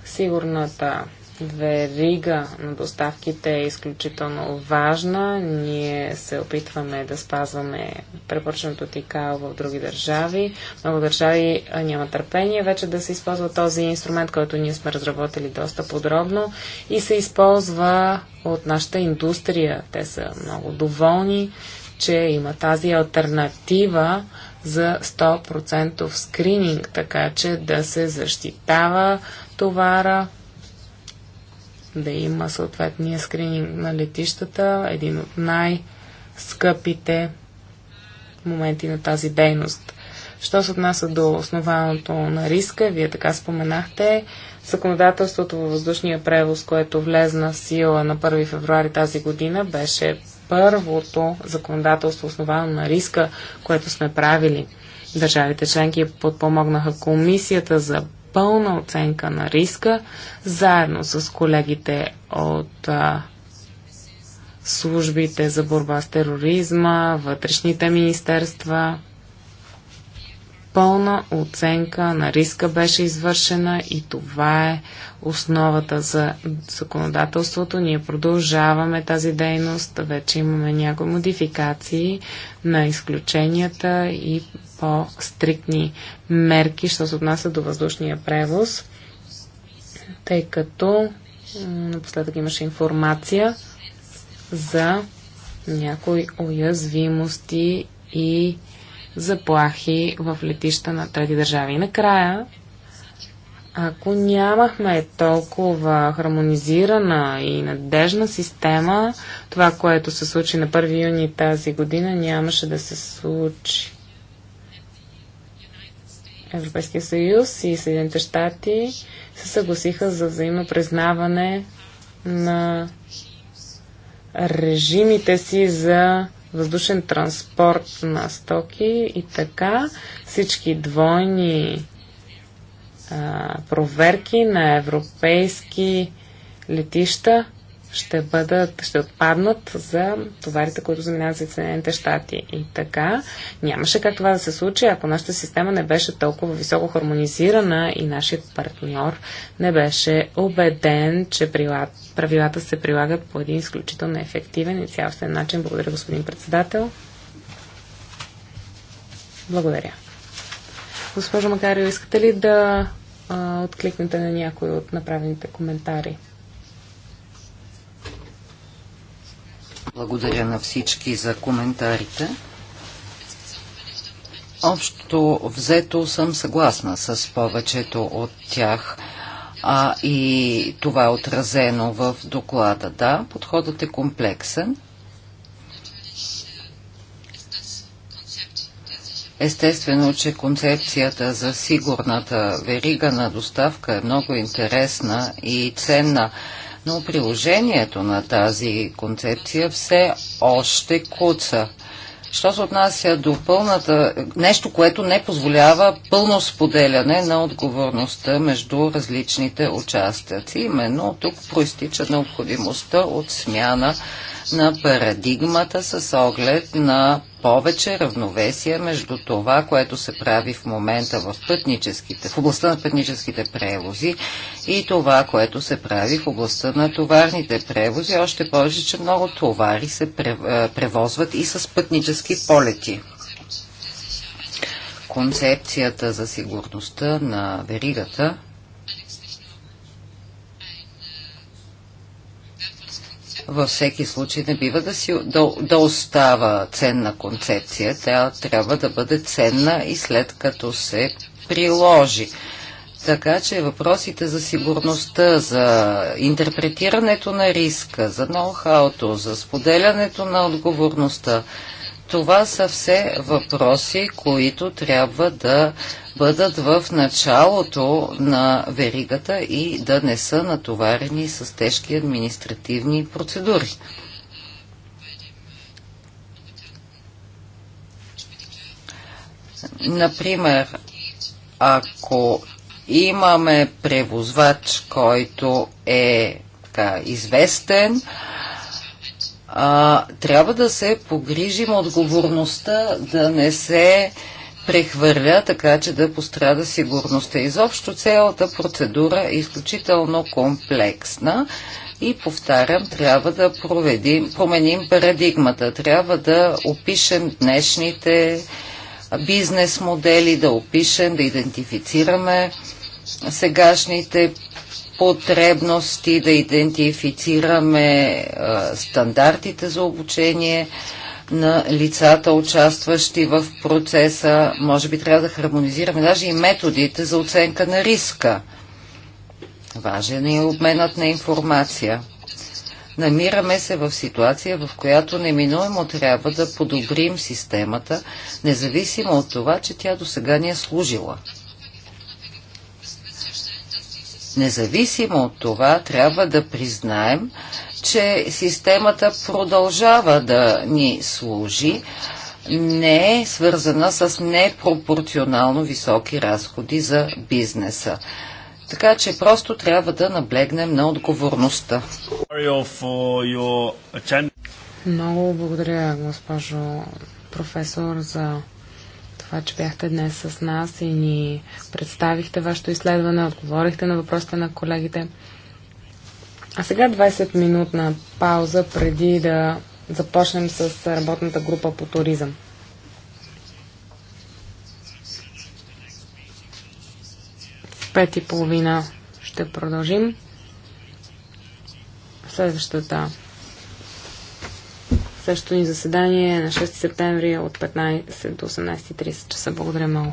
Сигурната верига на доставките е изключително важна. Ние се опитваме да спазваме препоръченото ТИКАО в други държави. Много държави няма търпение вече да се използва този инструмент, който ние сме разработили доста подробно и се използва от нашата индустрия. Те са много доволни, че има тази альтернатива за 100% скрининг, така че да се защитава товара да има съответния скрининг на летищата, един от най-скъпите моменти на тази дейност. Що се отнася до основаното на риска, вие така споменахте, законодателството във въздушния превоз, което влезна в сила на 1 февруари тази година, беше първото законодателство основано на риска, което сме правили. Държавите членки подпомогнаха комисията за пълна оценка на риска, заедно с колегите от а, службите за борба с тероризма, вътрешните министерства. Пълна оценка на риска беше извършена и това е основата за законодателството. Ние продължаваме тази дейност. Вече имаме някои модификации на изключенията и по-стриктни мерки, що се отнася до въздушния превоз, тъй като напоследък имаше информация за някои уязвимости и заплахи в летища на трети държави. И накрая, ако нямахме толкова хармонизирана и надежна система, това, което се случи на 1 юни тази година, нямаше да се случи. Европейския съюз и Съединените щати се съгласиха за взаимно признаване на режимите си за въздушен транспорт на стоки и така всички двойни а, проверки на европейски летища ще бъдат, ще отпаднат за товарите, които заминават за Съединените щати. И така, нямаше как това да се случи, ако нашата система не беше толкова високо хармонизирана и нашият партньор не беше убеден, че правилата се прилагат по един изключително ефективен и цялостен начин. Благодаря, господин председател. Благодаря. Госпожо Макарио, искате ли да а, откликнете на някой от направените коментари? Благодаря на всички за коментарите. Общо взето съм съгласна с повечето от тях. А и това е отразено в доклада. Да, подходът е комплексен. Естествено, че концепцията за сигурната верига на доставка е много интересна и ценна но приложението на тази концепция все още куца. Що се отнася до пълната, нещо, което не позволява пълно споделяне на отговорността между различните участъци. Именно тук проистича необходимостта от смяна на парадигмата с оглед на повече равновесие между това, което се прави в момента в, пътническите, в областта на пътническите превози и това, което се прави в областта на товарните превози. Още повече, че много товари се превозват и с пътнически полети. Концепцията за сигурността на веригата – във всеки случай не бива да, си, да, да остава ценна концепция. Тя трябва да бъде ценна и след като се приложи. Така че въпросите за сигурността, за интерпретирането на риска, за ноу-хауто, за споделянето на отговорността, това са все въпроси, които трябва да бъдат в началото на веригата и да не са натоварени с тежки административни процедури. Например, ако имаме превозвач, който е така, известен, а, трябва да се погрижим отговорността да не се прехвърля, така че да пострада сигурността. Изобщо цялата процедура е изключително комплексна и повтарям, трябва да проведим, променим парадигмата. Трябва да опишем днешните бизнес модели, да опишем, да идентифицираме сегашните потребности, да идентифицираме стандартите за обучение на лицата, участващи в процеса. Може би трябва да хармонизираме даже и методите за оценка на риска. Важен е обменът на информация. Намираме се в ситуация, в която неминуемо трябва да подобрим системата, независимо от това, че тя до сега ни е служила. Независимо от това, трябва да признаем, че системата продължава да ни служи, не е свързана с непропорционално високи разходи за бизнеса. Така че просто трябва да наблегнем на отговорността. Много благодаря, госпожо професор, за това, че бяхте днес с нас и ни представихте вашето изследване, отговорихте на въпросите на колегите. А сега 20-минутна пауза преди да започнем с работната група по туризъм. В пет и половина ще продължим. Следващата Същото ни заседание е на 6 септември от 15 до 18.30 часа. Благодаря много.